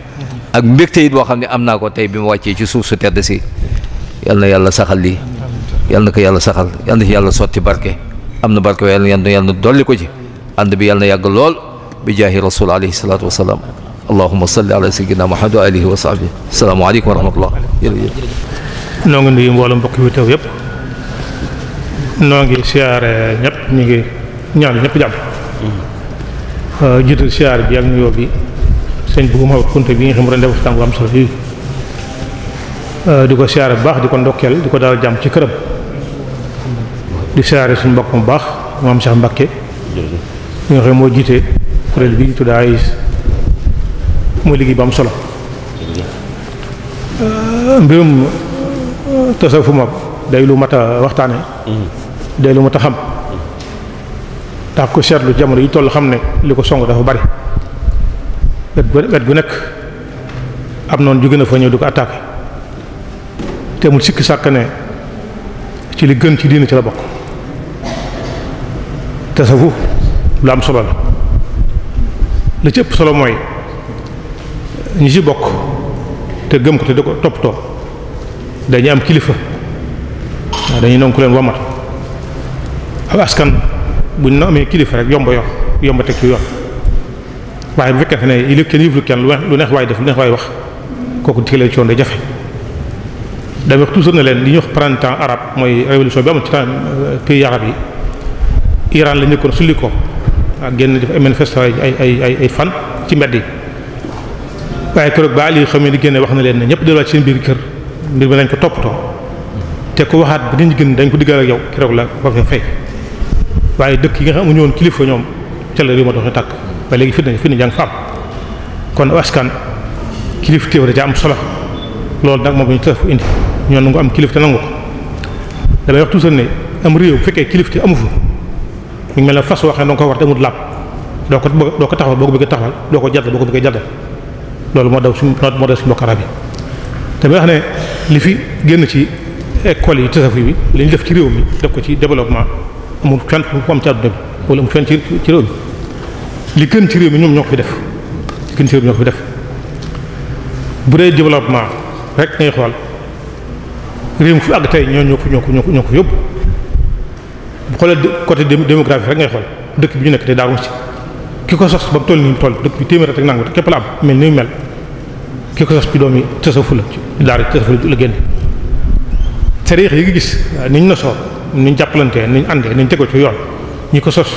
ak mbégte it boo xam ne am naa ko tey bi mu wàccee ci suuf su tedd si yal na yàlla saxal li yal na ko yàlla saxal yal na ci yàlla sotti barke am na barke waaye yal na yàlla dolli ko ci ànd bi yàlla na lool bi jaahi rasul alayhi salaatu wa salaam allahumma salli ala sayyidina muhammad wa alihi wa sahbihi asalaamaaleykum wa rahmatullah noo ngi nuyu mbooloo mbokk yu teew yëpp noo ngi siyaare ñëpp ñu ngi ñaan ñëpp jàmm mm-hmm. jiital siyaar bi ak nuyoo bi sëñ bi Umar bi nga xam ne doon def waxtaan bu am solo fii euh, di ko siyaare bu baax di ko ndokkeel di ko daal jàmm ci këram di siyaare suñu mbokk mu baax moom Cheikh Mbacke bi nga xam moo jiite kuréel bi ñu tudd AIS mooy liggéey bu am solo euh, mbirum euh, tasawufu moom day lu mat a waxtaane day lu mat a xam ndax ko seetlu jamono yi toll xam ne li ko song dafa bari wet gu wet gu nekk am noonu jóge na fa ñëw di ko attaqué te mu sikki sàkk ne ci li gën ci diina ci la bokk tasawu lu am solo la li ci ëpp solo mooy ñu ci bokk te gëm ko te da ko toppatoo dañuy am kilifa waaw dañuy nangu ku leen wamal ak askan buñ na amee kilifa rek yomba yor yomba teg ci yoon waaye bu fekkente ne il kenn yëflu kenn lu neex waay def lu neex waay wax kooku dikkee lay coon day jafe damay wax toujours ne leen li ñuy wax printemps arabe mooy révolution bi amul ci temps euh, pays arabe yi la nekkoon sulli ko ak def ay manifestation ay ay ay fan ci mbedd yi waaye keroog ba Ali xam ne di génne wax na leen ne ñëpp delluwaat ci biir kër mbir mi nañ ko toppatoo te ku waxaat bi dañ gën dañ ko diggal ak yow keroog la ko fa fay waaye dëkk yi nga xam amuñu woon kilifa ñoom ca la réew ma dox takk ba léegi fitna fitna jàng fa kon askan kilif téew da ca am solo loolu nag moom bu ñu tëf indi ñoo nangu am kilif te nangu ko damay wax toujours ne am réew bu fekkee kilif te amu fa mu mel ne fas waxee danga ko war te amut làpp doo ko doo ko taxawal boo ko bëggee taxawal doo ko jàddal boo ko bëggee jàddal loolu moo daw suñu moo daw suñu bokk arab yi damay wax ne li fi génn ci école yi tasawuf bi li ñu def ci réew mi def ko ci développement amul fenn fu am ci ci ci li gën ci réew mi ñoom ñoo ko fi def li gën ci réew mi ñoo ko fi def bu dee développement rek ngay xool réew mi fu àgg tey ñoo ñoo ko ñoo ko ñoo ko ñoo ko yóbbu bu xoolee côté démographie rek ngay xool dëkk bi ñu nekk te daawuñ ci ki ko sos ba mu toll nii mu toll dëkk bi téeméer rek nangu képp la am mel ni mel ki ko sos ci doom yi tasafu la ci daara tasafu la génn tariix yi nga gis ni ñu nosoo ni ñu jàppalantee ni ñu àndee ni ñu tegoo ci yoon ñi ko sos.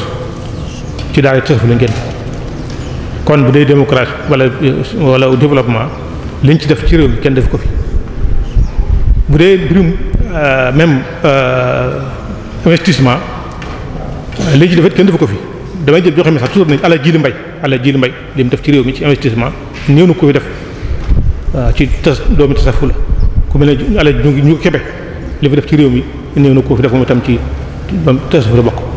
ci daal di tëf la ngeen kon bu dee démocratie walla wala développement liñ ci def ci réew mi kenn def ko fi bu dee mbirum euh, même euh, investissement li ci defet def ko fi damay jël joxe message toujours nañ ala jili mbay ala jili mbay li def ci réew mi ci investissement néew na ko fi def euh, ci tas doomi tasafu la ku mel ne ala ñu ñu kebe li fi def ci réew mi néew na koo fi def moom itam ci tas la bokk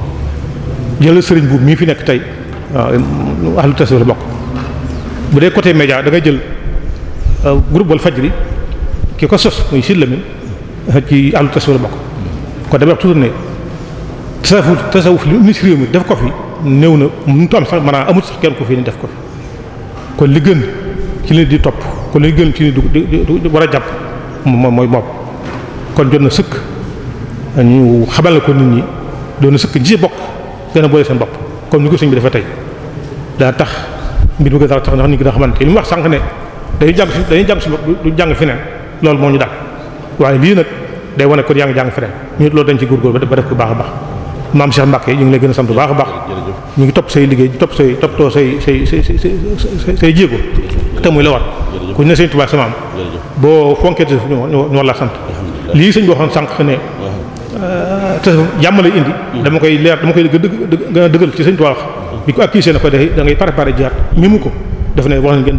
jëlal sëriñ buub mii fi nekk tey waaw eh, ahlu tasawuf bokk bu dee côté média da jël eh, groupe wal fajri ki ko sos muy Sidi Lamine eh, ci ahlu tasawuf la bokk kon damay wax ne tasawuf tasawuf li si réew mi def ko néew na mënut am sax maanaam amut sax kenn ko fi ni def ko kon li gën ci li di topp kon li gën ci li di war a jàpp moom moom kon jot na sëkk ñu xamal ko nit ñi doon na sëkk ñi ci bokk gën a boole seen bopp comme ni ko sëñ bi dafa tey daa tax mbir mi gën a tax ndax ñu gën xamante li mu wax sànq ne dañuy jàng si dañuy jàng si du jàng feneen loolu moo ñu daal waaye lii nag day wane kon yaa ngi jàng feneen ñu loolu dañ ci góorgóorlu ba def ko baax a baax maam Cheikh Mbacke ñu ngi lay gën a bu baax baax ñu ngi topp say liggéey topp say toppatoo say say say say say jéego te muy la war ku ne sëñ Tuubaa sama am boo fonkee ñu war laa sant lii sëñ boo xam sànq ne tës jàmm lay indi dama koy leer dama koy dëgg gën a dëggal ci sëñ Tuubaa wax bi ko accusé na ko de da ngay préparé jihaad mimu ko daf ne wax nañ ngeen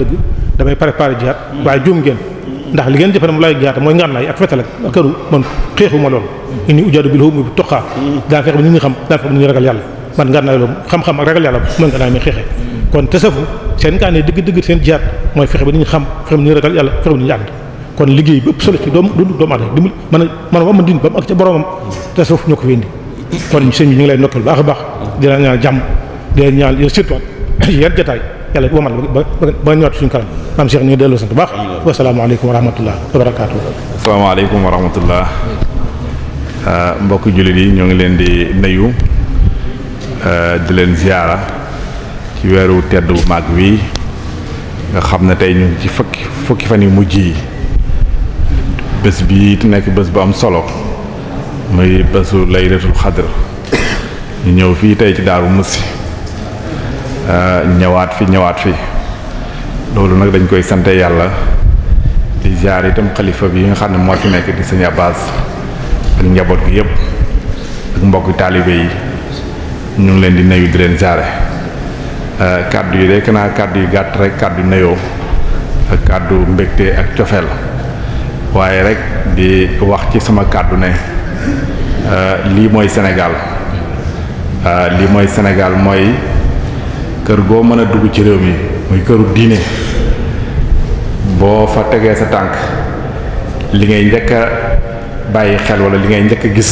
li ngeen jëfe ne mu lay jihaad mooy ngànnaay ak fetal ak këru man xeexuma loolu ini ujaadu bil hum bi toqaa daa fexe ba nit ñi xam daa fexe ba nit ñi ragal yàlla man ngànnaay loolu xam-xam ak ragal yàlla mooy ngànnaay mi xeexee kon tasafu seen kaa ne dëgg-dëgg seen jihaad mooy fexe ba nit ñi xam fexe ba nit ñi ragal yàlla fexe ba nit ñi ànd kon liggéey bi ëpp solo ci doomu dundu doomu aadama dimbali mën a mën a wam din ba mu ak ca boromam te suuf ñoo ko fi indi kon sëñ bi ñu ngi lay ndokkeel baax a baax di la ñaan jàmm di la ñaan yéen surtout ñu ngi delloo sant baax wasalaamaaleykum wa rahmatullah wa barakaatu asalaamaaleykum wa rahmatullah euh, mbokk jullit yi ñoo ngi leen di nuyu euh, di leen ziyaara ci weeru tedd bu mag wi nga xam ne tey ñu ci fukki fukki fan yu mujj yi bés bii nekk bés bu am solo muy bésu laylatul xadr ñu ñëw fii tey ci Daaru Muxti ah, ñëwaat fi ñëwaat fi loolu nag dañ koy sante yàlla di jaar itam xalifa bi yi nga xam ne moo ci nekk di sëñ Abbas ak njaboot gi yépp ak mbokki taalibe yi ñu ngi leen di nuyu di leen jaare ah, kàddu yi rek naa kàddu yu gàtt rek kàddu nuyoo ak kàddu mbégte ak cofeel waaye rek di wax ci sama kàddu ne euh, lii mooy senegaal euh, lii mooy senegaal mooy kër goo mën a dugg ci réew mi muy këru diine boo fa tegee sa tànk li ngay njëkk a bàyyi xel wala li ngay njëkk a gis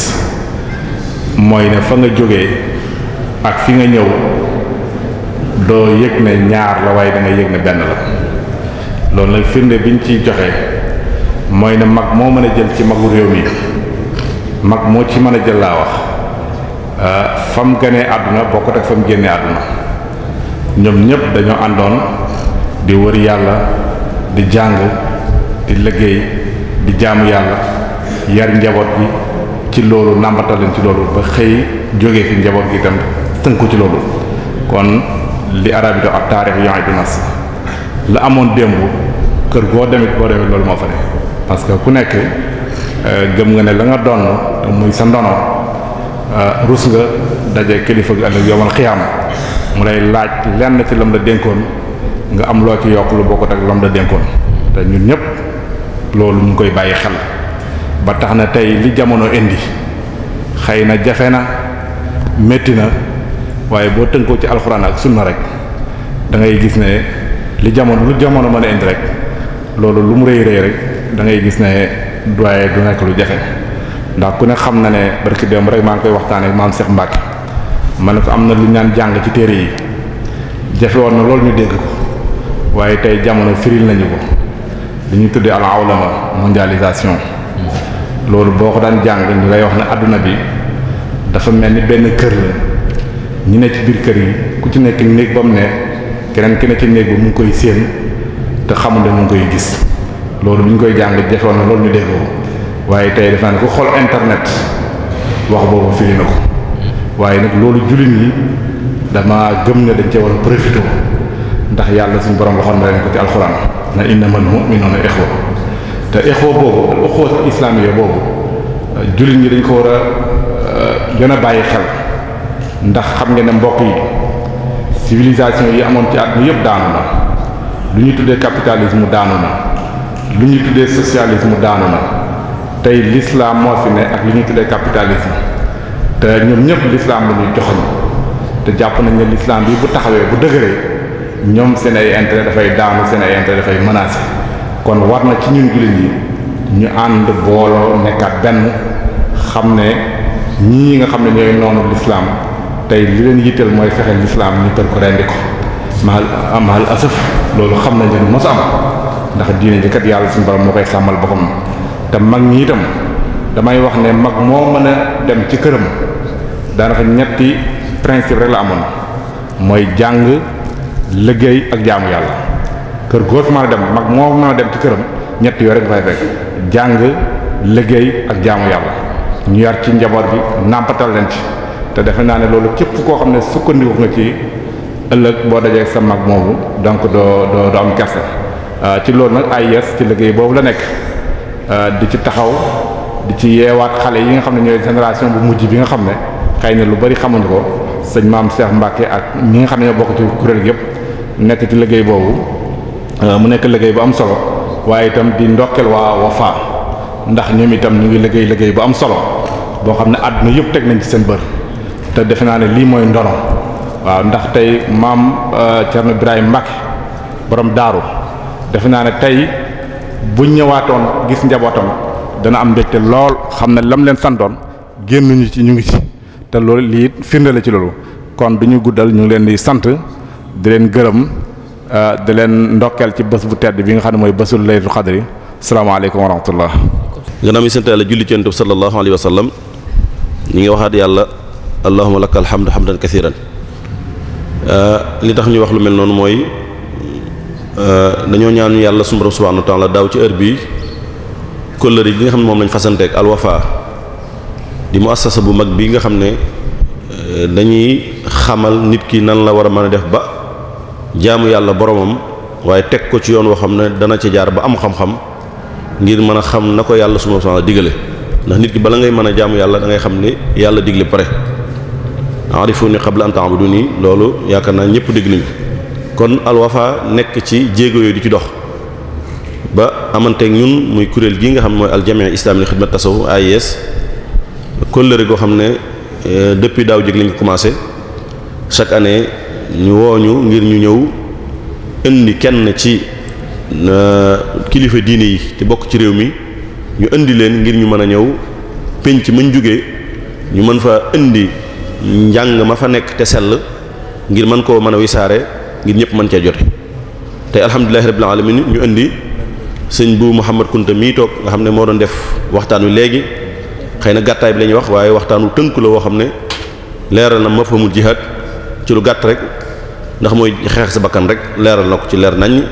mooy ne fa nga jóge ak fi nga ñëw doo yëg ne ñaar la waaye da yëg ne benn la loolu nag firnde biñ ci joxe mooy ne mag moo mën a jël ci magu réew mi mag moo ci mën a jël laa wax euh, fam ganee àdduna bokkut ak fam génnee àdduna ñoom ñépp dañoo àndoon di wër yàlla di jàng di liggéey di jaamu yàlla yar njaboot bi ci loolu nàmbatal leen ci loolu ba xëy jógee fi njaboot gi itam tënku ci loolu kon li arab yi do ak taarix yonay du nas la amoon démb kër goo demit boo demit loolu moo fa ne parce que ku nekk euh, gëm nga ne la nga doon muy sa ndono euh, rus nga daje kilifa gi ëllëg yomal xiyaam mu lay laaj lenn ci lam la dénkoon nga am loo ci yokk lu bokkut ak lam la dénkoon te ñun ñëpp loolu ñu koy bàyyi xel ba tax na tey li jamono indi xëy na jafe na métti na waaye boo tënkoo ci alxuraan ak sunna rek da ngay gis ne li jamono lu jamono mën a indi rek loolu lu mu rëy rëy rek da ngay gis ne doye du nekk lu jafe ndax ku ne xam na ne barki démb rek maa ngi koy waxtaanee maam seex Mbacke ma ne ko am na lu ñaan jàng ci téere yi jafe woon na loolu ñu dégg ko waaye tey jamono firil nañu ko lu ñu tuddee al awlama mondialisation loolu boo ko daan jàng ñu lay wax ne àdduna bi dafa mel ni benn kër la ñu ne ci biir kër yi ku ci nekk néeg ba mu ne keneen ki ci néeg bi mu ngi koy séen te xamul ne mu ngi koy gis loolu bi ñu koy jàng jafewoon loolu ñu dégg ko waaye tey def naa ne ku xool internet wax boobu firi na ko waaye nag loolu jullit ñi dama gëm ne dañ cee war profité ndax yàlla suñu borom waxoon na leen ko ci alxuraan na innamal mu'minuuna ixwa te ixwa boobu uxwa islaamiya boobu jullit ñi dañ ko war a euh, gën a bàyyi xel ndax xam nga ne mbokk yi civilisation yi amoon ci at mi yëpp daanu na lu ñuy tuddee capitalisme daanu na lu ñu tuddee socialisme daanu na tey l'islam moo fi ne ak lu ñu tuddee capitalisme te ñoom ñëpp l'islam la ñuy joxoñ te jàpp nañ ne l'islam bi bu taxawee bu dëgëree ñoom seen ay intérêt dafay daanu seen ay intérêt dafay menacé kon war na ci ñun jullit yi ñu ànd booloo nekkaat benn xam ne ñii nga xam ne ñooy noonu l'islam tey li leen yitteel mooy fexe l'islam ñu tër ko rendi ko maal amal asaf loolu xam nañ ne mos am ndax diine ji kat yàlla suñu borom moo koy sàmmal boppam te mag ñi itam damay wax ne mag moo mën a dem ci këram daanaka ñetti principe rek la amoon mooy jàng liggéey ak jaamu yàlla kër goo fi mën a dem mag moo mën a dem ci këram ñetti yooyu rek nga fay fekk jàng liggéey ak jaamu yàlla ñu yar ci njaboot bi nàmpatal leen ci te defe naa ne loolu képp koo xam ne sukkandiku nga ci ëllëg boo dajee sa mag moomu donc doo doo doo am kersa Euh, ci loolu nag ay AIS ci liggéey boobu la nekk euh, di ci taxaw di ci yeewaat xale yi nga xam ne ñooy génération bu mujj bi nga xam ne xëy na lu bari xamuñu ko sëñ maam Cheikh Mbacke ak ñi nga xam ne ñoo bokk ci kuréel yëpp nekk ci liggéey boobu euh, mu nekk liggéey bu am solo waaye itam di ndokkeel waa Wafa ndax ñoom itam ñu ngi liggéey liggéey bu am solo boo xam ne àdduna yëpp teg nañ ci seen bër te defe naa ne lii mooy ndono waaw ndax tey maam Thierno Ibrahim Mbacke borom daaru defe naa ne tey bu ñëwaatoon gis njabootam dana am mbégte lool xam ne lam leen santoon génnuñu ci ñu ngi ci te lool lii firnde la ci loolu kon du ñu guddal ñu ngi leen di sant di leen gërëm euh, di leen ndokkeel ci bés bu tedd bi nga xam ne mooy bésul laylatul xadri salaamaaleykum wa rahmatullah gannaaw mi muy yàlla julli ci yonent bi sallallahu alayhi wa sallam ñi ngi waxaat yàlla allahumma lakal hamdu hamdan kasiran euh, li tax ñu wax lu mel noonu mooy Euh, dañoo ñaan yàlla suñu borom na wa la daaw ci heure bii kóllëre gi nga xam ne moom lañ fasanteeg Al Wafa di muassasa bu mag bii nga xam ne euh, dañuy xamal nit ki nan la war a mën a def ba jaamu yàlla boromam waaye teg ko ci yoon woo xam ne dana ci jaar ba am xam-xam ngir mën a xam na ko yàlla suñu borom subhanahu digale ndax nit ki bala ngay mën a jaamu yàlla da ngay xam ni yàlla digle pare arifuni qabla an ta'buduni loolu yaakaar naa ñëpp dégg kon Al nekk ci jéego yooyu di ci dox ba amanteek ñun muy kuréel gii nga xam mooy aljamia islami li xidmat tasawu aay AIS kóllëre goo xam ne euh, depuis daaw jég lañ ko commencé chaque année ñu wooñu ngir ñu ñëw indi kenn ci euh, kilifa diine yi te bokk ci réew mi ñu indi leen ngir ñu mën a ñëw penc mañ jógee ñu mën fa indi njàng ma fa nekk te sell ngir mën koo mën a wisaare ngir ñëpp mën cee jote tey alhamdulilahi rabbil alamin ñu indi sëñ bu Mouhamad Kunta mii toog nga xam ne moo doon def waxtaan wi léegi xëy na gàttaay bi la wax waaye waxtaan wu tënk la woo xam ne leeral na mu jihaad ci lu gàtt rek ndax mooy xeex sa bakkan rek leeral na ko ci leer nañ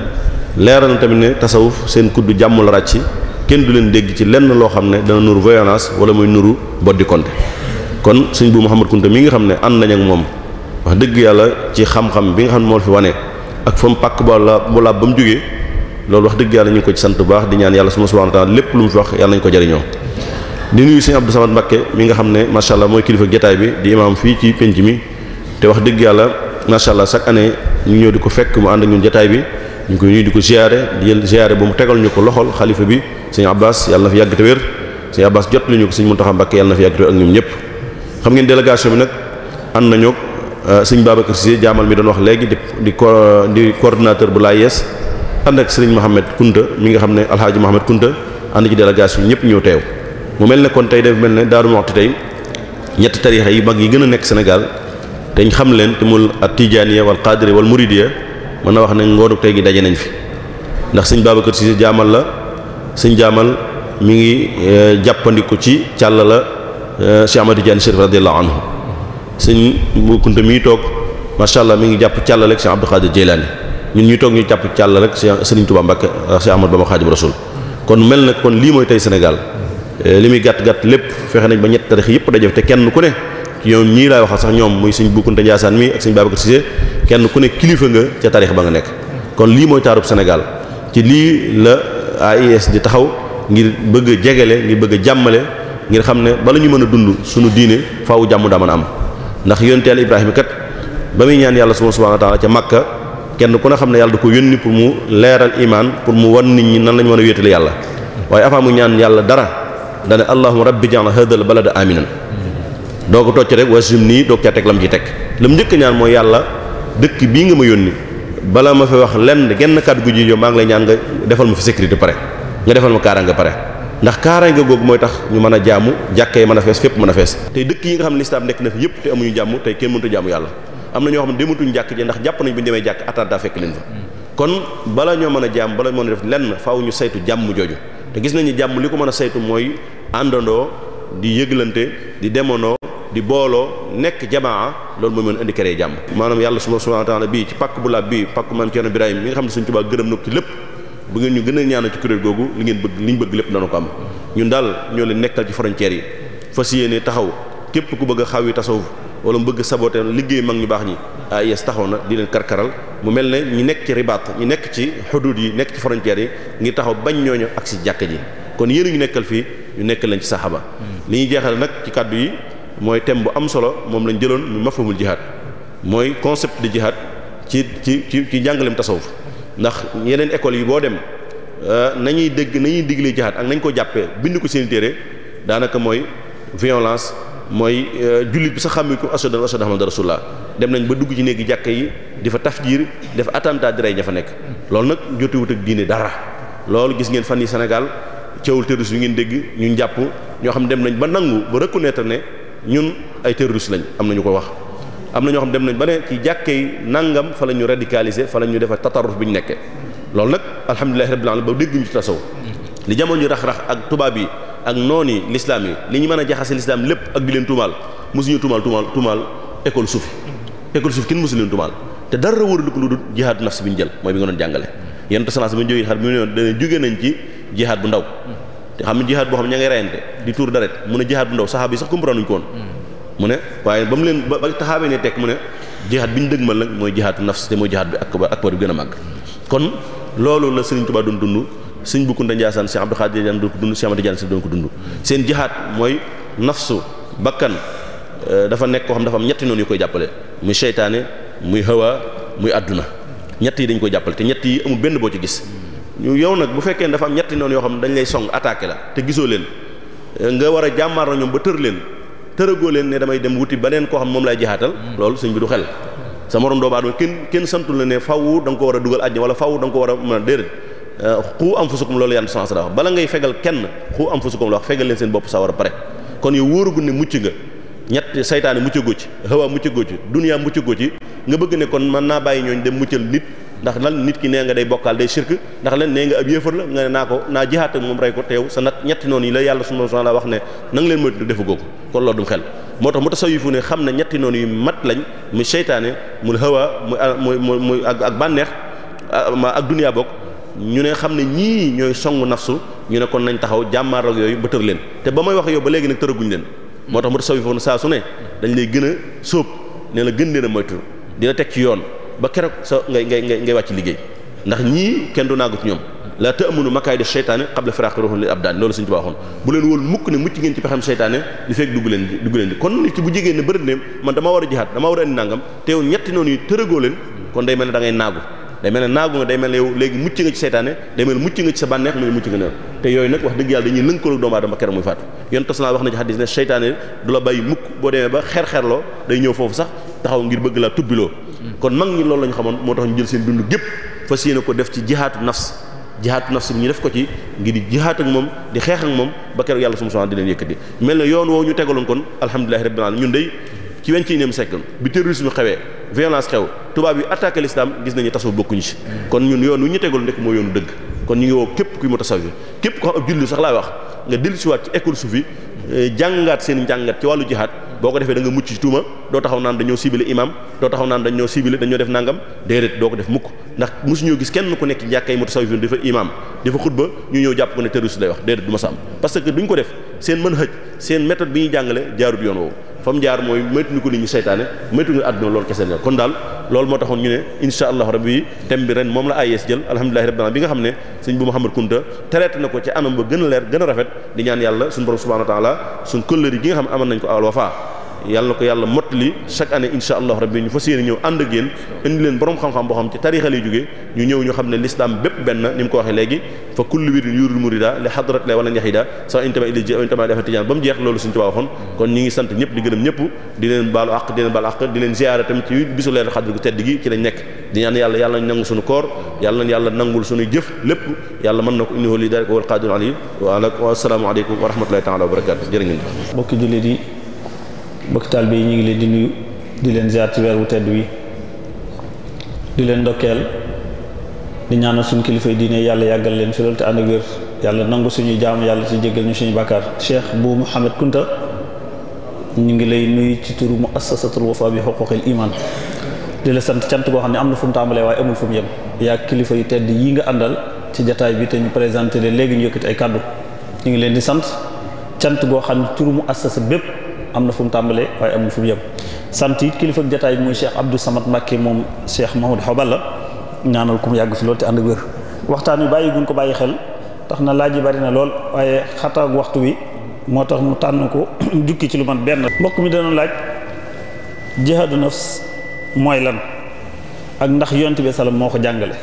leeral na tamit ne tasawuf seen kuddu jàmm la ràcc kenn du leen dégg ci lenn loo xam ne dana nuru violence wala muy nuru boddi konte kon sëñ bu Mouhamad mi nga xam ne ànd nañ ak moom wax dëgg yàlla ci xam-xam bi nga xam ne moo fi wane ak fa mu pàkk ba mu laab ba mu jógee loolu wax dëgg yàlla ñu ngi ko ci sant bu baax di ñaan yàlla suma wa ta'ala lépp lu mu fi wax yàlla nañu ko jariñoo di nuyu sëñ Abdou Samad Mbacké mi nga xam ne macha allah mooy kilifa jotaay bi di imaam fii ci penc mi te wax dëgg yàlla macha allah chaque année ñu ñëw di ko fekk mu ànd ak ñun jataay bi ñu ko ñuy di ko ziare di jël ba mu tegal ñu ko loxol xalifa bi sëñ Abbas yàlla fi yàgg te wér sëñ Abbas jot li ñu ko sëñ Mountakha Mbacké yàlla na fi yàgg te wér ak ñoom ñëpp xam Euh, sëñ Babacar si jaamal mi doon wax léegi di di di coordinateur bu laa Layes ànd ak sëriñ Mohamed Kunta mi nga xam ne alhaaji Mohamed Kunta ànd ci délégation ñëpp ñëw teew mu mel ne kon tey daf mel ne Daaru Muxti tey ñetti tarixa yi mag yi gën a nekk Sénégal te ñu xam leen te mul at tijaaniya wal qadiri wal muridiya mën na wax ne ngoonu tey gi daje nañ fi ndax sëñ Babacar Cissé jaamal la sëñ jaamal mi ngi euh, jàppandiku ci càll la euh, Cheikh Ahmad Tidiane sëñ Mbukunta mii toog macha allah mi ngi jàpp càll rek Cheikh Abdou Khadir Jeylaani ñun ñuy toog ñu jàpp càll rek sëriñ Touba Mbacke Cheikh Ahmad Bamba Khadim Rasul kon mel na kon lii mooy tey Sénégal eh, li muy gàtt gàtt lépp fexe nañ ba ñett yëpp daje te kenn ku ne ñoom ñii laay waxal sax ñoom muy sëñ Mbukunta Ndiassane mi ak sëñ Babacar Cissé kenn ku ne kilifa nga ca tarix ba nga nekk kon lii mooy taarub Sénégal ci lii la AIS di taxaw ngir bëgg a jegele ngir bëgg jàmmale ngir xam ne bala ñu mën a dund suñu diine faaw jàmm daa mën am ndax yonent yàlla Ibrahima kat ba muy ñaan yàlla subhaanahu wa ta'ala ca Makka kenn ku ne xam ne yàlla da ko yónni pour mu leeral imaan pour mu wan nit ñi nan lañu mën a wéetale yàlla waaye avant mu ñaan yàlla dara dane allahumma rabbi ja'al hadal balada aminan doo ko tocc rek wasim nii doog caa teg lam ci teg lam njëkk ñaan mooy yàlla dëkk bii nga ma yónni bala ma fi wax lenn genn kàddu gu ji yow maa ngi lay ñaan nga defal ma fi sécurité pare nga defal ma kaaraange pare ndax kaaraange googu mooy tax ñu mën a jaamu jàkkee mën a fees fépp mën a fees tey dëkk yi nga xam ne lislaam nekk na fi yëpp te amuñu jàmm tey kenn mënta jaamu yàlla am na ñoo xam ne dematuñu jàkk ji ndax jàpp nañ bu ñu bala ñoo mën a jaam bala mën a def lenn faw ñu saytu jàmm jooju te gis nañu jàmm li ko mën a saytu mooy àndandoo di yëglante di demonoo di booloo nekk jamaa loolu mooy mën indi kere jàmm maanaam yàlla subhanahu wa ta'ala bii ci pàkk bu laab bii pàkk maam Cerno Ibrahim mi nga xam ne suñ Tuubaa gërëm na lépp bu ngeen ñu gëna a ñaanal ci kuréel googu li ngeen bëgg li ñu bëgg lépp dana ko am ñun daal ñoo leen nekkal ci frontières yi fas yéene taxaw képp ku bëgg a xaw yi tasawuf wala mu bëgg saboté liggéey mag ñu baax ñi AIS taxaw na di leen karkaral mu mel ne ñu nekk ci ribaat ñu nekk ci xuduud yi nekk ci frontières yi ngir taxaw bañ ñooñu ak si jàkk ji kon yéen ñu nekkal fii ñu nekk leen ci saxaba hmm. li ñuy jeexal nag ci kàddu yi mooy thème bu am solo moom lañ jëloon mu mafhumul jihaad mooy concept de jihaad ci ci ci ci njàngaleem tasawuf ndax yeneen écoles yi boo dem euh, nañuy dégg nañuy digle jihaad ak nañ ko jàppee bind ko seen téere daanaka mooy violence mooy euh, jullit bi sa xammi ko ashhadu an ashhadu muhammadar rasulullah dem nañ ba dugg ci néegi jàkka yi di fa tafjiir def attentat di rey ña fa nekk loolu nag jotiwut ak diine dara loolu gis ngeen fan yi Sénégal cawul terroriste yu ngeen dégg ñun jàpp ñoo xam dem nañ ba nangu ba reconnaître ne ñun ay terroriste lañ am nañu ko wax am na ñoo xam dem nañ ba ne ci jàkkee nangam fa la ñu fa la ñu defal tatarruf bi ñu nekkee loolu nag alhamdulillahi rabbil alamin ba dégg ñu ci tasaw li jamono ñu rax-rax ak tubaab yi ak noon yi lislaam yi li ñu mën a jaxase lislaam lépp ak di leen tuumaal mosuñu tuumaal tuumaal tuumaal école suufi école suufi kenn mosu leen tuumaal te dara wëralu ko lu dul jihaad nafs bi ñu jël mooy bi nga doon jàngale yenn tasanaas bi ñu jógee xar bi mu ne dana nañ ci jihaad bu ndaw te boo xam ne ña ngay reyante di tuur deret mun a jihaad bu ndaw saxaaba yi sax comprendre mu ne waaye ba mu leen ba taxaabee ne tekk mu ne jihaat bi ñu ma nag mooy jihaatu nafs te mooy jihaat bi ak akbar bi gën a mag kon loolu la Serigne Touba doon dund Serigne Bou Kounta Ndiassane Cheikh Abdou Khadir Diané doon ko dund Cheikh Amadou Diané ko dund seen jihaat mooy nafsu bakkan euh, dafa nekk koo xam dafa am ñetti noonu yu koy jàppale muy seytaane muy hawa muy àdduna ñett yi dañ koy jàppale te ñett yi amul benn boo ci gis ñu yow nag bu fekkee dafa am ñetti noonu yoo xam ne dañ lay song attaqué la te gisoo leen euh, nga war a jàmmaar na ba tër leen tërëgoo leen ne damay dem wuti beneen koo xam moom laay jaxaatal mm. loolu sëñ bi du xel sa morom doomu aadama kenn kenn la ne faw da ko war a dugal àjjana wala faw da nga ko war a mën a déedéet xuu am fusukum la wax bala ngay fegal kenn xuu am fusukum la wax fegal leen seen bopp sa a pare kon yow wóorugu ne mucc nga ñett saytaane muccagoo ci xawa muccagoo ci duniyaa muccagoo ci nga bëgg ne kon mën naa bàyyi ñooñ dem muccal nit ndax lan nit ki nee nga day bokkaal day shirk ndax lan nee nga ab yéefar la nga ne naa ko naa jihaat ak moom rey ko teew sa nat ñetti noonu yi la yàlla subhanahu wa ta'ala wax ne nanga leen moytu defu googu kon loolu dum xel moo tax mu tasawifu ne xam ne ñetti noonu yu mat lañ muy seytaane muy hawa muy ah, muy muy ak ak bànneex ah, ak dunia bokk ñu ne xam ne ñii ñooy songu nafsu ñu ne kon nañ taxaw jàmmaar yooyu ba tër leen te ba may wax yow ba léegi nag tëraguñ leen moo tax mu tasawifu ne saa su ne dañ lay gën a sóob ne la gën leen a moytu dina teg ci yoon ba keroog sa ngay ngay ngay ngay wàcc liggéey ndax ñii kenn du naagu ci ñoom la ta'munu makaayida sheytaane qabla firaaqi ruuhi lil abdaan loolu suñu ci waxoon bu leen wóolu mukk ne mucc ngeen ci pexem sheytaane li fekk dugg leen dugg leen di kon nit ki bu jegee ne bërët ne man a jihaad damaa war a indi nangam te yow ñetti noonu kon day mel ne da ngay naagu day mel ne naagu nga day mel ne yow léegi mucc nga ci seytaane day mel mucc nga ci sa bànneex mu ne mucc nga ne te yooyu nag wax dëgg yàlla dañuy lënkaloog doomu aadama keroog muy faatu yon tas na ci xadis ne boo demee ba xer-xerloo day ñëw foofu sax taxaw ngir bëgg la tubbiloo kon mag ñi loolu lañ xamoon moo tax ñu jël seen dund gépp fas yéene ko def ci jihaatu nafs jihaatu nafs bi ñu def ko ci ngir di jihaat ak moom di xeex ak moom ba keroog yàlla subhanahu wa ta'ala di leen yëkkati mel na yoon woo ñu tegaloon kon alhamdulillahi rabbil alamin ñun day ci wen ci neem sekk bi terrorisme xewee violence xew tubaab yi attaqué l'islam gis nañu tasaw bokkuñu ci kon ñun yoon wu ñu tegaloon rek moo yoonu dëgg kon ñu ngi woo képp kuy mutasawwif képp ko xam sax laay wax nga dellusiwaat ci école suufi eh, jàngaat seen njàngat ci wàllu jihaat boo ko defee da nga mucc ci tuuma doo taxaw naan dañoo ciblé imam doo taxaw naan dañoo ciblé dañoo def nangam déedéet doo ko def mukk ndax mosuñoo gis kenn ku nekk ci jàkkay mutasawwifun dafa imam dafa xutba ñu ñëw jàpp ko ne terroriste lay wax déedéet du ma sàmm parce que duñ ko def seen mën hëj seen méthode bi ñuy jàngale jaarut yoon woowu fa mu jaar mooy moytuñu ko nit ñi seytaane moytuñu àdduna loolu kese la kon daal loolu moo taxoon ñu ne insha allahu rabbi thème bi ren moom la AIS jël alhamdulillahi rabbil bi nga xam ne sëñ bu Mouhamed Kunta traité na ko ci anam ba gën a leer gën a rafet di ñaan yàlla suñu borom subhanahu wa ta'ala suñu këllëri gi nga xam ne amoon nañ ko al wafa yàlla na ko yàlla mottali chaque année insha allah rabbi ñu fas yéene ñëw ànd ak yéen indi leen borom xam-xam boo xam ci tarixa lay jógee ñu ñëw ñu xam ne l'islam bépp benn ni mu ko waxee léegi fa kullu wirdin yuridul murida li hadrat la wala njahida sa intama ili ji intama dafa tijaan ba mu jeex loolu suñu tubaa waxoon kon ñi ngi sant ñëpp di gërëm ñëpp di leen baalu àq di leen baalu àq di leen ziyaara tamit ci bisu leer xadr gu tedd gi ci lañ nekk na ko innahu li mbokk taalibe yi ñu ngi leen di nuyu di leen ziar ci weer wu tedd wi di leen ndokkeel di ñaanal suñu kilifa yi diine yàlla yàggal leen fi loolu te ànd ak yàlla nangu suñu jaam yàlla ci jéggal ñu suñu bàkkaar Cheikh bu Mouhamed Kunta ñu ngi lay nuyu ci turu muassasatul wafa bi xuquqil iman di la sant cant boo xam ne am na fu mu tàmbalee waaye amul fu mu yem yaa kilifa yu tedd yi nga àndal ci jataay bi te ñu présenté leen léegi ñu yëkkati ay kàddu ñu ngi leen di sant cant boo xam ne turu muassasa bépp am na fu mu tàmbalee waaye amul fu mu yem sant it kilifa jataay bi muy Cheikh Abdou Samad Mbacké moom Cheikh Mahmoud Xobal ñaanal ku mu yàgg si loolu te ànd ak waxtaan wi bàyyi guñ ko bàyyi xel tax na laaj yi bari na lool waaye xataag waxtu wi moo tax mu tànn ko jukki ci lu man benn mbokk mi dana laaj jihaadu nafs mooy lan ak ndax yonent bi salam moo ko jàngale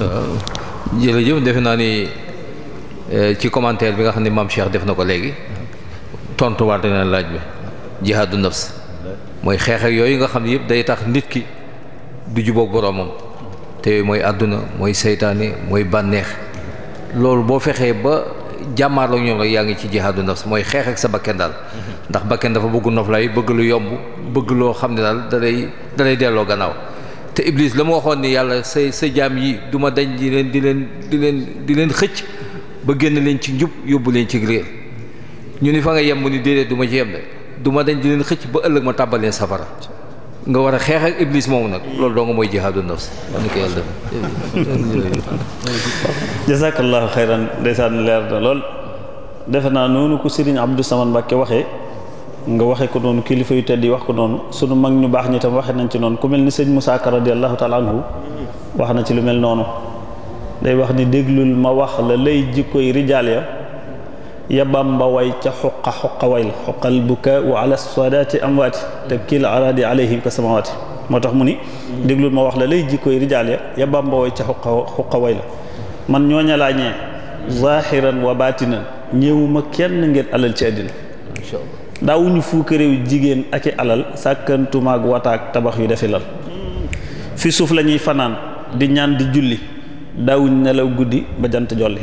euh, jërëjëf defe naa ni euh, ci commentaire bi nga xam ne maam Cheikh def na ko léegi tontuwaate na laaj bi jihaadu nafs mooy xeex ak yooyu nga xam ne yëpp day tax nit ki du jubóog boroomam te mooy àdduna mooy seytaane mooy bànneex loolu boo fexee ba jàmmaarloo ñoom yaa ngi ci jihaadu nafs mooy xeex ak sa bakken daal ndax bakken dafa bëgg noflaay bëgg lu yomb bëgg loo xam ne daal dalay dalay delloo gannaaw te Iblis la mu waxoon ni yàlla say sa jaam yi duma dañ di leen di leen di leen di leen xëcc ba génn leen ci njub yóbbu leen ci réer ñu ni fa nga yem mu ni déedéet duma ci yem de du dañ di leen xëcc ba ëllëg ma tàbbalee safara nga war a xeex ak iblis moomu nag loolu doo nga mooy jihaadu nafs ni ko yàlla def jazakallahu xayran ndeysaan leer na lool defe naa noonu ko Serigne Abdou Samane Mbacke waxee nga waxee ko noonu kilifa yu tedd yi wax ko noonu sunu mag ñu baax ñi tam waxee nañ ci noonu ku mel ni sëñ Moussa Ka radiyallahu taala anhu wax na ci lu mel noonu day wax ni déglul ma wax la lay jikkoy rijaal ya ya bamba way ca xuqa xuqa way la xuqal buka wa ala sadaati amwaati te kii la araadi alayhim ka samawaati moo tax mu ni déglul ma wax la lay jikkoy rijaal ya ya bamba way ca xuqa xuqa way la man ñooña laa ñee zahiran wa batinan ñëwuma kenn ngeen alal ci àddina daawuñu fuukaréew jigéen ak i alal sàkkantumaag wataak tabax yu defi lal fi suuf lañuy fanaan di ñaan di julli daawuñ nelaw guddi ba jant jolli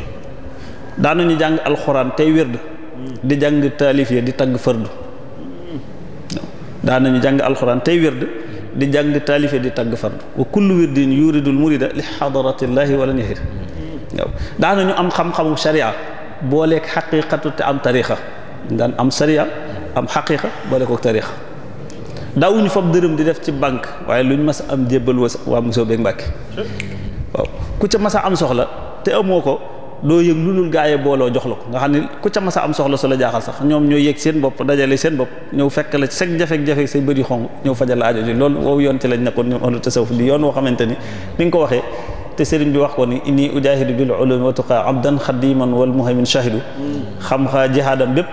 daanañu jàng alxuraan tey wérd di jàng taalif ya di tagg fërdu daanañu jàng alxuraan tey wérd di jàng taalif ya di tagg fërdu wa kullu wirdin yuridul murida li xadaratillahi wala nihir waaw daanañu am xam-xamu sharia booleeg xaqiqatu te am tarixa daan am sharia am xaqiqa boole ko tarixa daawuñu fab dërëm di def ci banque waaye luñ mas am jébbal waa waa Mbàkke waaw ku ca mas am soxla te amoo ko doo yëg lu dul gaa booloo jox la ko nga xam ne ku ca mas a am soxla su la jaaxal sax ñoom ñoo yëg seen bopp dajale seen bopp ñëw fekk la seg jafe-jafe say bëri xong ñëw fajal la aajo ji loolu yoon ci lañ nekkoon ko waxee te sëriñ bi wax ko ni inni ujahidu bil ulumi wa tuqa abdan xadiman xa jihaadam bépp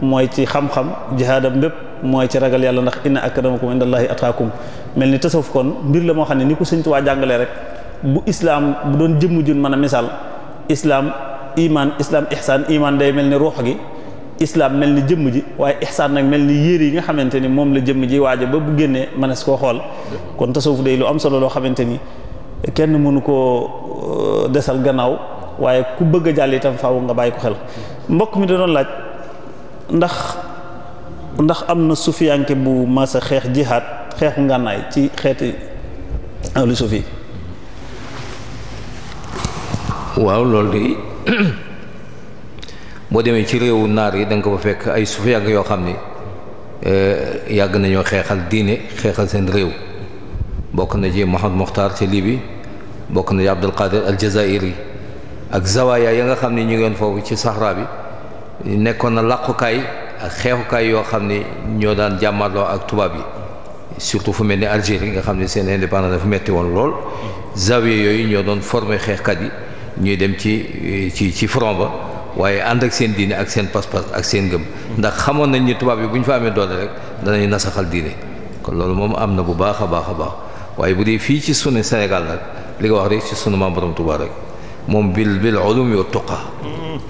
mooy ci xam-xam jihaadam bépp mooy ci ragal yàlla ndax inna akramakum indallahi atqakum mel ni tasawuf kon mbir la moo xam ne ni ko sëñ Tuubaa jàngalee rek bu islam bu doon jëmm jun mën a misaal islaam imaan islaam ihsaan iman day mel ni ruux gi islaam mel ni jëmm ji waaye ihsaan nag mel ni yére yi nga xamante ni moom la jëmm ji waaja ba bu génnee mënees koo xool kon tasawuf day lu am solo loo xamante ni kenn mënu koo euh, desal gannaaw waaye ku bëgg a jàll itam faaw nga bàyyi ko xel mbokk mi da doon laaj ndax ndax am na sufiyanke bu mas xeex jihaad xeexu ngànnaay ci xeeti ahlu sufi waaw loolu de boo demee ci réewu naar yi da nga ko fa fekk ay suuf yàgg yoo xam ni eh, yàgg nañoo xeexal diine xeexal seen réew bokk na ci Mohamed Mokhtar ci Libye bokk na ci Abdul Qadir al Jazairi ak zawaya ya nga xam ne ñu ngeen foofu ci saxaraa bi nekkoon na làqukaay ak xeexukaay yoo xam ne ñoo daan jàmmaloo ak tubaab yi surtout fu mel ni Algérie nga xam ne seen indépendance dafa metti woon lool zawiya yooyu ñoo doon former xeexkat yi ñuy dem ci ci ci front ba waaye ànd ak seen diine ak seen pas-pas ak seen gëm ndax xamoon nañ ni tubaab yi bu ñu fa amee doole rek danañ nasaxal diine kon loolu moom am na bu baax a baax a baax waaye bu dee fii ci sunu Sénégal nag li nga wax rek ci sunu maam borom Tuubaa rek moom bil bil ulum yoo tuqa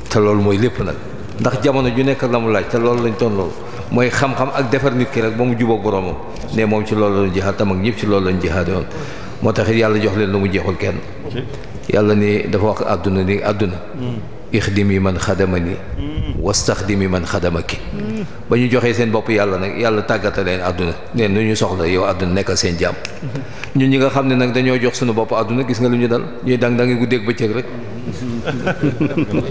te loolu mooy lépp nag ndax jamono ju nekk la mu laaj te loolu lañ doon loolu mooy xam-xam ak defar nit ki rek ba mu jubóog boromam ne moom ci loolu lañ jihaad tam ak ci loolu lañ jihaad yoon moo tax it yàlla jox leen lu mu jeexul kenn yàlla ni dafa wax àdduna ni àdduna mm. ixdimi man xadamani mm. wastaxdimi man xadamaki mm. ba ñu joxee seen bopp yàlla nag yàlla tàggata leen àdduna leen lu ñu soxla yow àdduna nekkal seen jàmm mm-hmm. ñun ñi nga xam ne nag dañoo jox suñu bopp àdduna gis nga lu ñu dal ñuy dang dangi guddeeg bëccëg rek mm-hmm.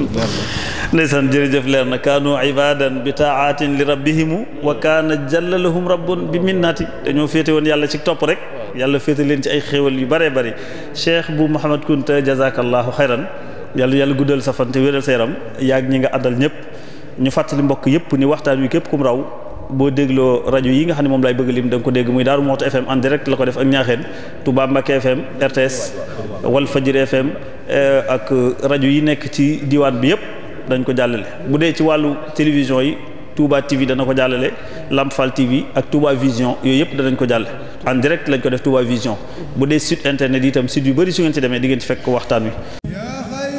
ndeysaan jërëjëf leer na kaanu ibadan bi taatin li rabbihimu wa kaana jalla lahum bi minnati dañoo féete woon yàlla ci topp rek yàlla féete leen ci ay xéewal yu bëree bëri cheikh bu Mouhamed Kounta jazakallahu xayran yàlla yàlla guddal sa fante te wéral sa yaram yaag ñi nga àddal ñëpp ñu fàttali mbokk yëpp ni waxtaan wi képp kum raw boo dégloo rajo yi nga xam ne moom lay bëgg lim da nga ko dégg muy Daaru Muxti FM en la ko def ak Ñaaxeen Touba Mbacké FM RTS Walf Fadjri FM eh, ak rajo yi nekk ci diwaan bi yëpp dañ ko jàllale bu dee ci wàllu télévision yi Touba TV dana ko jàllale Lamp Fall TV ak Touba Vision yooyu yëpp danañ ko jàll en direct lañ ko def Touba Vision bu dee site internet itam site yu bëri su ngeen ci demee di ngeen ci fekk waxtaan wi